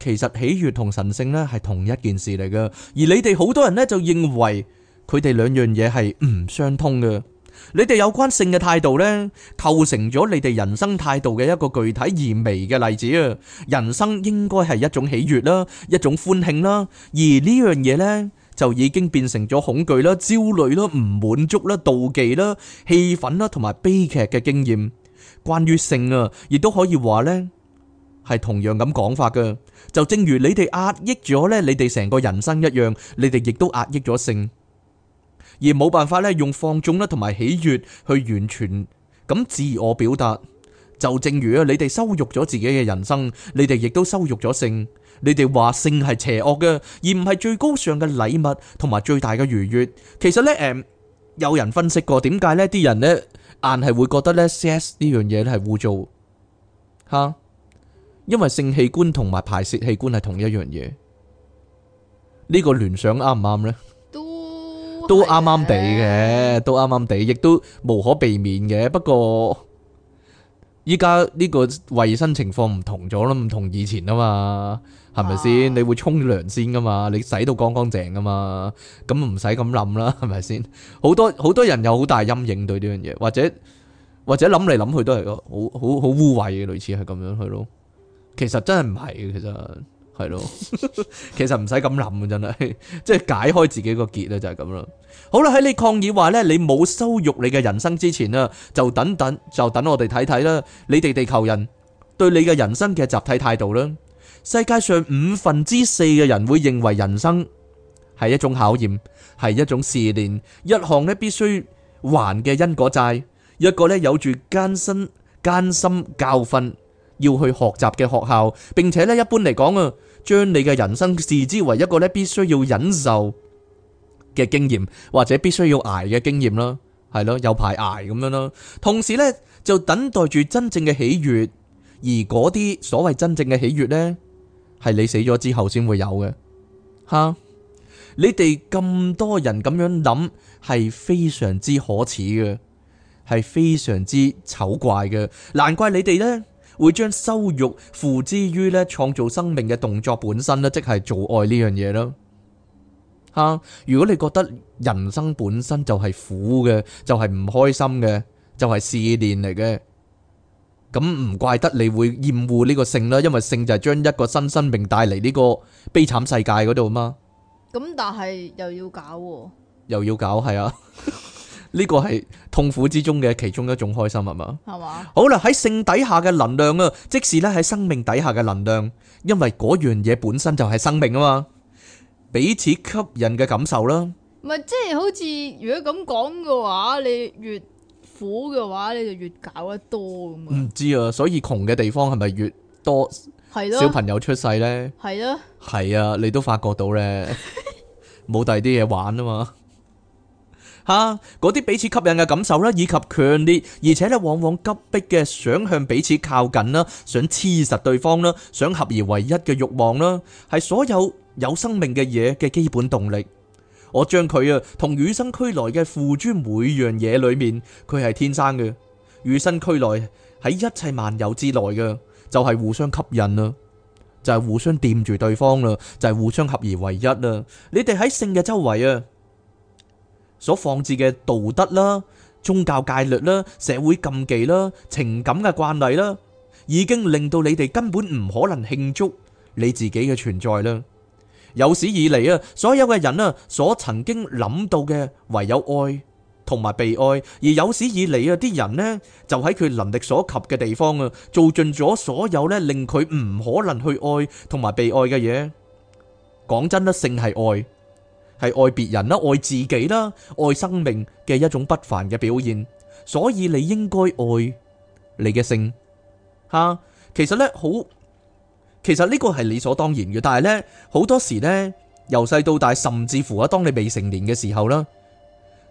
其實喜悅同神聖呢係同一件事嚟嘅。而你哋好多人呢，就認為佢哋兩樣嘢係唔相通嘅。你哋有關性嘅態度呢，構成咗你哋人生態度嘅一個具體而微嘅例子啊！人生應該係一種喜悅啦，一種歡慶啦，而呢樣嘢呢就已經變成咗恐懼啦、焦慮啦、唔滿足啦、妒忌啦、氣憤啦同埋悲劇嘅經驗。關於性啊，亦都可以話呢係同樣咁講法㗎，就正如你哋壓抑咗呢，你哋成個人生一樣，你哋亦都壓抑咗性。而冇辦法咧，用放縱啦，同埋喜悦去完全咁自我表達。就正如啊，你哋羞辱咗自己嘅人生，你哋亦都羞辱咗性。你哋話性係邪惡嘅，而唔係最高尚嘅禮物，同埋最大嘅愉悅。其實咧，誒、呃，有人分析過點解呢啲人咧硬係會覺得咧，C.S 呢樣嘢咧係污糟吓，因為性器官同埋排泄器官係同一樣嘢。呢、呢個聯想啱唔啱呢？都啱啱地嘅，都啱啱地，亦都無可避免嘅。不過依家呢個衛生情況唔同咗啦，唔同以前啊嘛，係咪先？啊、你會沖涼先噶嘛，你洗到乾乾淨噶嘛，咁唔使咁諗啦，係咪先？好 多好多人有好大陰影對呢樣嘢，或者或者諗嚟諗去都係個好好好污穢嘅，類似係咁樣去咯。其實真係唔係嘅，其實。係咯， 其實唔使咁諗，真係即係解開自己個結咧，就係咁啦。好啦，喺你抗議話咧，你冇羞辱你嘅人生之前啊，就等等，就等我哋睇睇啦，你哋地球人對你嘅人生嘅集體態度啦。世界上五分之四嘅人會認為人生係一種考驗，係一種試煉，一項咧必須還嘅因果債，一個咧有住艱辛艱辛教訓要去學習嘅學校，並且咧一般嚟講啊，將你嘅人生視之為一個咧必須要忍受嘅經驗，或者必須要捱嘅經驗啦，係咯，有排捱咁樣咯。同時呢，就等待住真正嘅喜悅，而嗰啲所謂真正嘅喜悅呢，係你死咗之後先會有嘅。吓，你哋咁多人咁樣諗，係非常之可恥嘅，係非常之醜怪嘅，難怪你哋呢，會將羞辱付之於咧創造生命嘅動作本身啦，即係做愛呢樣嘢啦。吓、啊，如果你覺得人生本身就係苦嘅，就係、是、唔開心嘅，就係試煉嚟嘅，咁唔怪得你會厭惡呢個性啦，因為性就係將一個新生命帶嚟呢個悲慘世界嗰度啊嘛。咁但係又、哦、又要搞，又要搞，係啊。 呢個係痛苦之中嘅其中一種開心，係嘛吧？係嘛？好啦，喺性底下嘅能量啊，即使咧喺生命底下嘅能量，因為嗰樣嘢本身就係生命啊嘛，彼此吸引嘅感受啦。唔係，即係好似如果咁講嘅話，你越苦嘅話，你就越搞得多咁啊？唔知啊，所以窮嘅地方係咪越多小朋友出世咧？係咯、啊，係啊，啊，你都發覺到咧，冇第二啲嘢玩啊嘛。吓，嗰啲、啊、彼此吸引嘅感受啦，以及強烈而且咧，往往急迫嘅想向彼此靠近啦，想黐實對方啦，想合而為一嘅慾望啦，係所有有生命嘅嘢嘅基本動力。我將佢啊同與生俱來嘅付諸每樣嘢裏面，佢係天生嘅，與生俱來喺一切萬有之內嘅，就係、是、互相吸引啦，就係、是、互相掂住對方啦，就係、是、互相合而為一啦。你哋喺性嘅周圍啊！所放置嘅道德啦、宗教戒律啦、社會禁忌啦、情感嘅慣例啦，已經令到你哋根本唔可能慶祝你自己嘅存在啦。有史以嚟啊，所有嘅人啊，所曾經諗到嘅唯有愛同埋被愛，而有史以嚟啊，啲人呢就喺佢能力所及嘅地方啊，做盡咗所有呢令佢唔可能去愛同埋被愛嘅嘢。講真啦，性係愛。係愛別人啦，愛自己啦，愛生命嘅一種不凡嘅表現。所以你應該愛你嘅性吓。其實咧好，其實呢個係理所當然嘅。但係呢，好多時呢，由細到大，甚至乎啊，當你未成年嘅時候啦，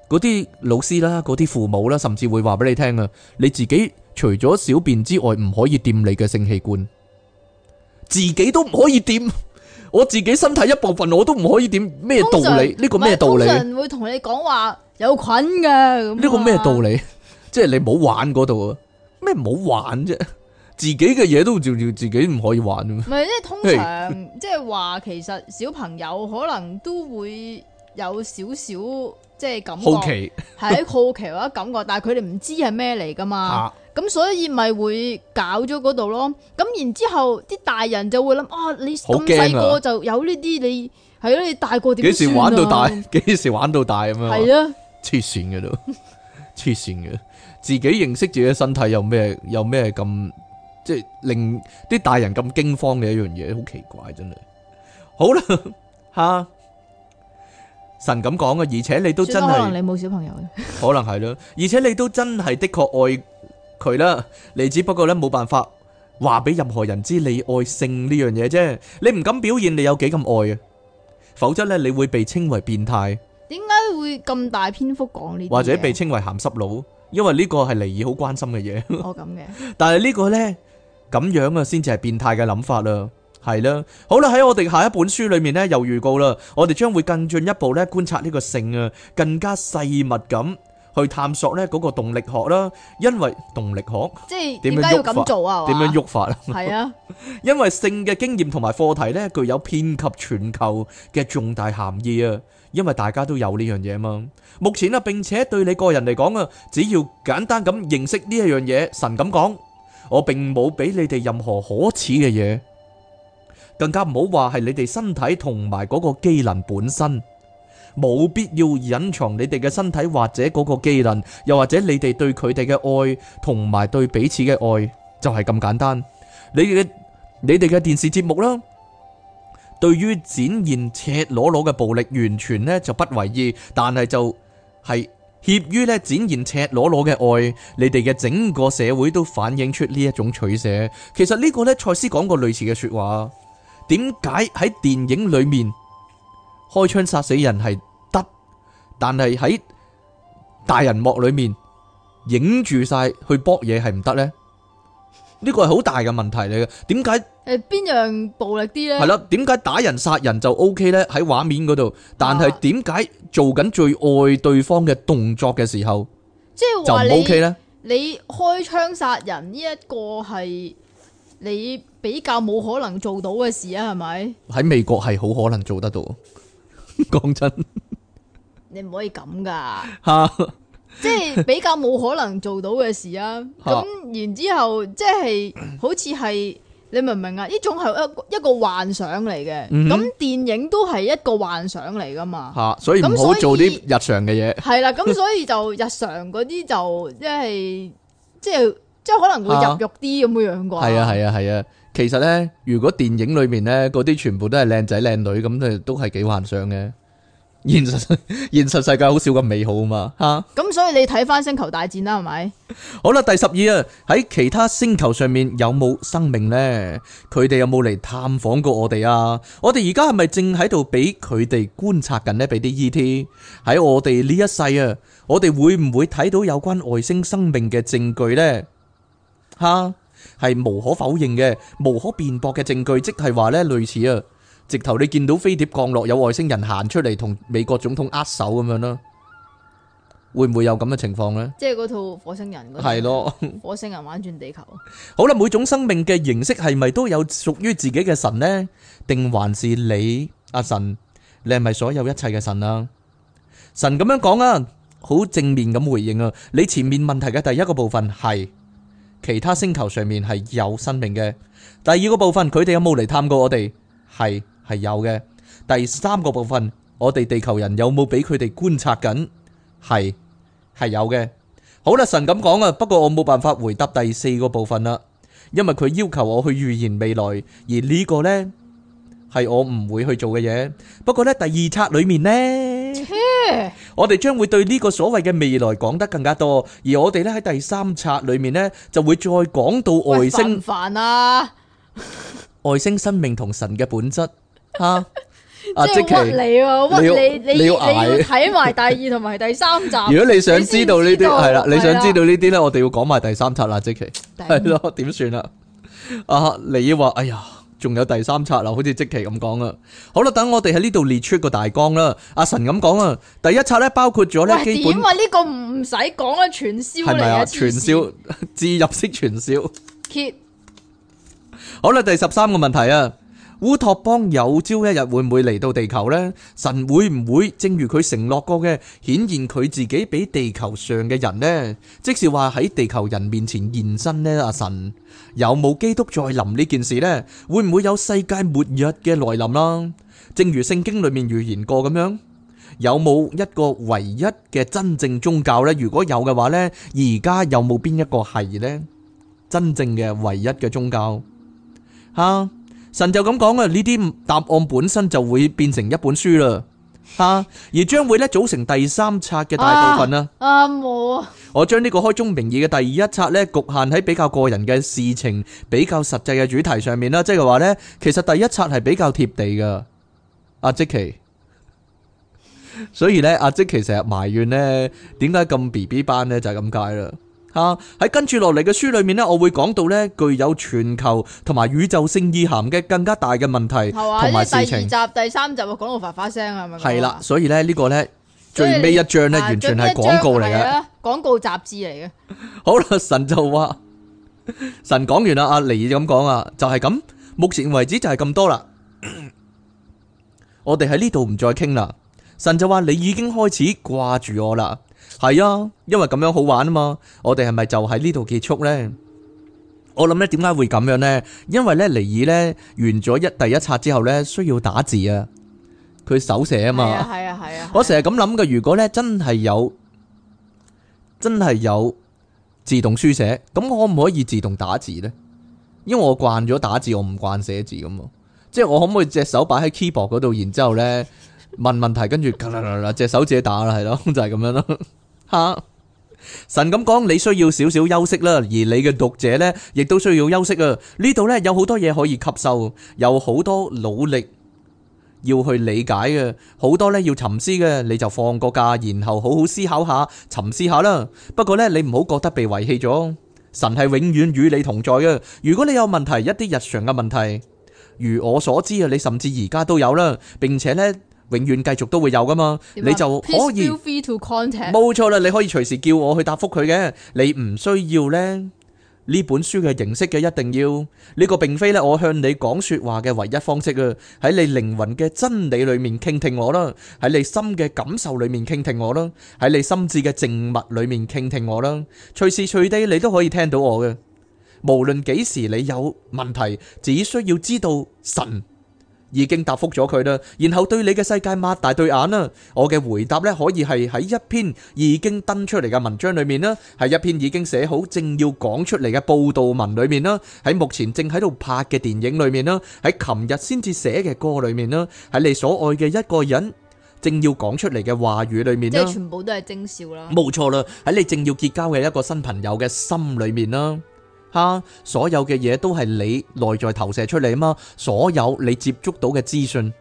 嗰啲老師啦，嗰啲父母啦，甚至會話俾你聽啊，你自己除咗小便之外，唔可以掂你嘅性器官，自己都唔可以掂。我自己身體一部分我都唔可以點，咩道理？呢常個咩道理？通常會同你講話有菌嘅，咁。呢個咩道理？ 即係你唔好玩嗰度啊？咩唔好玩啫？自己嘅嘢都照住自己唔可以玩。唔係，即係通常 即係話，其實小朋友可能都會有少少。即係感覺，係好奇或者感覺，但係佢哋唔知係咩嚟噶嘛？咁、啊、所以咪會搞咗嗰度咯。咁然之後啲大人就會諗：啊，你咁細個就有呢啲，你係咯，你大個點？幾時玩到大？幾時玩到大咁樣？係啊，黐線㗎都，黐線嘅，自己認識自己嘅身體有咩有咩咁即係令啲大人咁驚慌嘅一樣嘢，好奇怪真係。好、啊、啦，吓。神咁講嘅，而且你都真係，可能你冇小朋友嘅，可能係咯。而且你都真係的確愛佢啦，你只不過呢冇辦法話俾任何人知你愛性呢樣嘢啫，你唔敢表現你有幾咁愛啊，否則呢你會被稱為變態。點解會咁大篇幅講呢？或者被稱為鹹濕佬，因為呢個係尼爾好關心嘅嘢。我，咁嘅。但係呢個呢咁樣啊，先至係變態嘅諗法啦。係啦，好啦，喺我哋下一本書裏面咧，又預告啦，我哋將會更進一步咧觀察呢個性啊，更加細密咁去探索咧呢個動力學啦，因為動力學即係點樣要咁做啊？點樣喐法？係啊，因為性嘅經驗同埋課題咧，具有遍及全球嘅重大含義啊！因為大家都有呢樣嘢嘛。目前啊，並且對你個人嚟講啊，只要簡單咁認識呢一樣嘢，神咁講，我並冇俾你哋任何可恥嘅嘢。更加唔好話係你哋身體同埋嗰個機能本身冇必要隱藏你哋嘅身體或者嗰個機能，又或者你哋對佢哋嘅愛同埋對彼此嘅愛就係、是、咁簡單。你嘅你哋嘅電視節目啦，對於展現赤裸裸嘅暴力，完全呢就不為意，但係就係協於呢展現赤裸裸嘅愛。你哋嘅整個社會都反映出呢一種取捨。其實呢、這個呢，賽斯講過類似嘅說話。點解喺電影裏面開槍殺死人係得，但係喺大人幕裏面影住晒去搏嘢係唔得咧？呢個係好大嘅問題嚟嘅。點解誒邊樣暴力啲咧？係啦，點解打人殺人就 OK 咧？喺畫面嗰度，但係點解做緊最愛對方嘅動作嘅時候，即係就唔 OK 咧？你開槍殺人呢一個係你？比較冇可能做到嘅事啊，係咪？喺美國係好可能做得到，講 真的。你唔可以咁噶，吓， 即係比較冇可能做到嘅事啊。咁然之後，即係好似係你明唔明啊？呢種係一個一個幻想嚟嘅，咁、嗯、哼電影都係一個幻想嚟噶嘛。吓，所以唔好做啲日常嘅嘢，就是。係啦，咁所以就日常嗰啲就即係即係即係可能會入肉啲咁嘅樣啩。係啊，係啊的，係啊。其實呢，如果電影裏面呢嗰啲全部都係靚仔靚女，咁都都係幾幻想嘅。現實現實世界好少咁美好啊嘛，吓、啊。咁所以你睇翻《星球大戰》啦，係咪？好啦，第十二啊，喺其他星球上面有冇生命呢？佢哋有冇嚟探訪過我哋啊？我哋而家係咪正喺度俾佢哋觀察緊呢？俾啲 E.T. 喺我哋呢一世啊，我哋會唔會睇到有關外星生命嘅證據呢？吓、啊。係無可否認嘅、無可辯駁嘅證據，即係話呢，類似啊，直頭你見到飛碟降落，有外星人行出嚟同美國總統握手咁樣咯，會唔會有咁嘅情況呢？即係嗰套火星人嗰係咯，火星人玩轉地球。好啦，每種生命嘅形式係咪都有屬於自己嘅神呢？定還是你阿神？你係咪所有一切嘅神啊？神咁樣講啊，好正面咁回應啊！你前面問題嘅第一個部分係。其他星球上面係有生命嘅。第二個部分，佢哋有冇嚟探過我哋？係，係有嘅。第三個部分，我哋地球人有冇俾佢哋觀察緊？係，係有嘅。好啦，神咁講啊，不過我冇辦法回答第四個部分啦，因為佢要求我去預言未來，而呢個呢，係我唔會去做嘅嘢。不過呢，第二冊裏面呢。我哋將會對呢個所謂嘅未來講得更加多，而我哋咧喺第三冊裏面咧就會再講到外星煩啊！外星生命同神嘅本質吓，即係屈你喎，屈你你你要睇埋第二同埋第三集。如果你想知道呢啲係啦，你想知道呢啲咧，我哋要講埋第三冊啦，即係係咯，點算啊？阿，你話，哎呀！仲有第三冊啦，好似即期咁講啦。好啦，等我哋喺呢度列出個大綱啦。阿神咁講啊，第一冊咧包括咗咧，基本啊呢個唔使講啦，傳銷嚟係咪啊？傳銷、置入式傳銷。揭 Keep. 好啦，第十三個問題啊。烏托邦有朝一日會唔會嚟到地球呢？神會唔會正如佢承諾過嘅，顯現佢自己畀地球上嘅人呢，即是話喺地球人面前現身呢。阿神有冇基督再臨呢件事呢？會唔會有世界末日嘅來臨啦？正如聖經裏面預言過咁樣，有冇一個唯一嘅真正宗教呢？如果有嘅話呢，而家有冇邊一個係呢？真正嘅唯一嘅宗教，吓？神就咁講啊！呢啲答案本身就會變成一本書啦，吓、啊、而將會咧組成第三冊嘅大部分啦。啱、啊啊、我，我將呢個開宗明義嘅第二一冊咧局限喺比較個人嘅事情、比較實際嘅主題上面啦，即係話呢，其實第一冊係比較貼地噶。阿即琪，所以呢，阿即琪成日埋怨呢，點解咁 B B 班呢就係咁解啦？吓，喺跟住落嚟嘅書裏面呢，我會講到呢具有全球同埋宇宙性意涵嘅更加大嘅問題同埋事情。第二集、第三集嘅廣告發發聲係咪？係啦，所以呢，呢個呢最尾一章呢，完全係廣告嚟嘅，廣、啊、告雜誌嚟嘅。好啦，神就話神講完啦，阿尼爾咁講啊，就係咁、就是，目前為止就係咁多啦。 我哋喺呢度唔再傾啦。神就話你已經開始掛住我啦。係啊，因為咁樣好玩啊嘛。我哋係咪就喺呢度結束呢？我諗咧，點解會咁樣呢？因為咧，尼爾咧完咗一第一冊之後咧，需要打字啊，佢手寫啊嘛。係啊係啊，我成日咁諗嘅。如果咧真係有真係有，真係有自動書寫，咁我可唔可以自動打字呢？因為我慣咗打字，我唔慣寫字咁啊。即係我可唔可以隻手擺喺 keyboard 嗰度，然之後咧問問題，跟住嗱嗱嗱，隻手自己打啦，係咯、啊，就係、是、咁樣咯。 吓、啊！神咁講，你需要少少休息啦，而你嘅讀者呢，亦都需要休息啊！呢度呢，有好多嘢可以吸收，有好多努力要去理解嘅，好多呢，要沉思嘅，你就放個假，然後好好思考下、沉思下啦。不過呢，你唔好覺得被遺棄咗，神係永遠與你同在嘅。如果你有問題，一啲日常嘅問題，如我所知啊，你甚至而家都有啦，並且呢。永遠繼續都會有噶嘛，你就可以冇錯啦。你可以隨時叫我去答覆佢嘅，你唔需要咧呢本書嘅形式嘅，一定要呢個並非咧我向你講說話嘅唯一方式啊。喺你靈魂嘅真理裡面傾聽我啦，喺你心嘅感受裡面傾聽我啦，喺你心智嘅靜默裡面傾聽我啦。隨時隨地你都可以聽到我嘅，無論幾時你有問題，只需要知道神。已經答覆咗佢啦，然後對你嘅世界擘大對眼啦。我嘅回答呢，可以係喺一篇已經登出嚟嘅文章裏面啦，係一篇已經寫好正要講出嚟嘅報道文裏面啦，喺目前正喺度拍嘅電影裏面啦，喺琴日先至寫嘅歌裏面啦，喺你所愛嘅一個人正要講出嚟嘅話語裏面啦。即係全部都係徵兆啦。冇錯啦，喺你正要結交嘅一個新朋友嘅心裏面啦。哈！所有嘅嘢都係你內在投射出嚟啊嘛！所有你接觸到嘅資訊，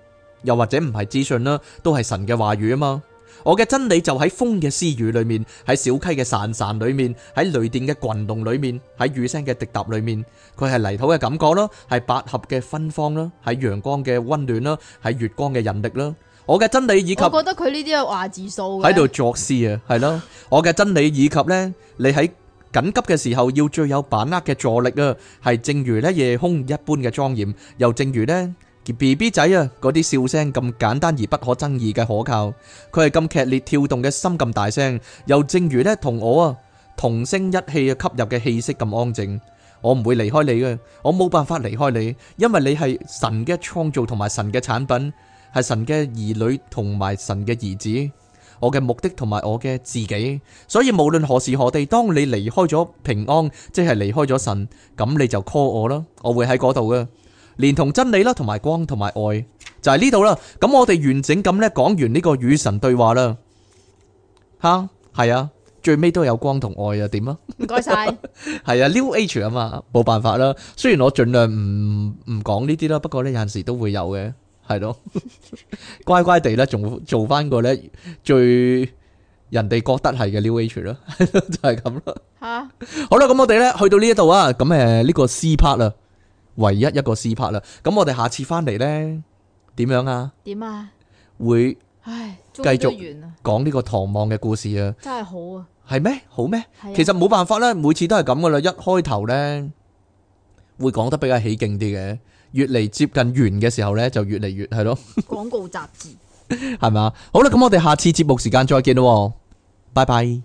又或者唔係資訊啦，都係神嘅話語啊嘛！我嘅真理就喺風嘅私語裏面，喺小溪嘅潺潺裏面，喺雷電嘅滾動裏面，喺雨聲嘅滴答裏面，佢係泥土嘅感覺啦，係百合嘅芬芳啦，係陽光嘅温暖啦，係月光嘅引力啦。我嘅真理以及我覺得佢呢啲係話字數喺度作詩啊，係咯！我嘅真理以及呢，你喺緊急嘅時候要最有把握嘅助力啊，係正如呢夜空一般嘅莊嚴，又正如呢 BB 仔啊嗰啲笑聲咁簡單而不可爭議嘅可靠，佢係咁劇烈跳動嘅心咁大聲，又正如呢同我啊同聲一氣嘅吸入嘅氣息咁安靜。我唔會離開你嘅，我冇辦法離開你，因為你係神嘅創造同埋神嘅產品，係神嘅兒女同埋神嘅兒子。我嘅目的同埋我嘅自己，所以無論何時何地，當你離開咗平安，即係離開咗神，咁你就 call 我啦，我會喺嗰度嘅，連同真理啦，同埋光，同埋愛，就係呢度啦。咁我哋完整咁咧講完呢個與神對話啦，吓？係啊，最尾都有光同愛啊，點啊？唔該晒，係啊，New Age 啊嘛，冇辦法啦。雖然我盡量唔唔講呢啲啦，不過呢有陣時都會有嘅。係咯， 乖乖地咧，仲做翻個咧最人哋覺得係嘅 New Age 啦， 就係咁咯。吓，好啦，咁我哋咧去到呢一度啊，咁誒呢個 C part 啦，唯一一個 C part 啦，咁我哋下次翻嚟咧點樣啊？點啊？會繼唉，繼續完啊？講呢個唐望嘅故事啊，真係好啊，係咩？好咩？其實冇辦法啦，每次都係咁噶啦，一開頭咧會講得比較起勁啲嘅。越嚟接近完嘅時候咧，就越嚟越係咯。廣告雜誌係咪，好啦，咁我哋下次節目時間再見咯，拜拜。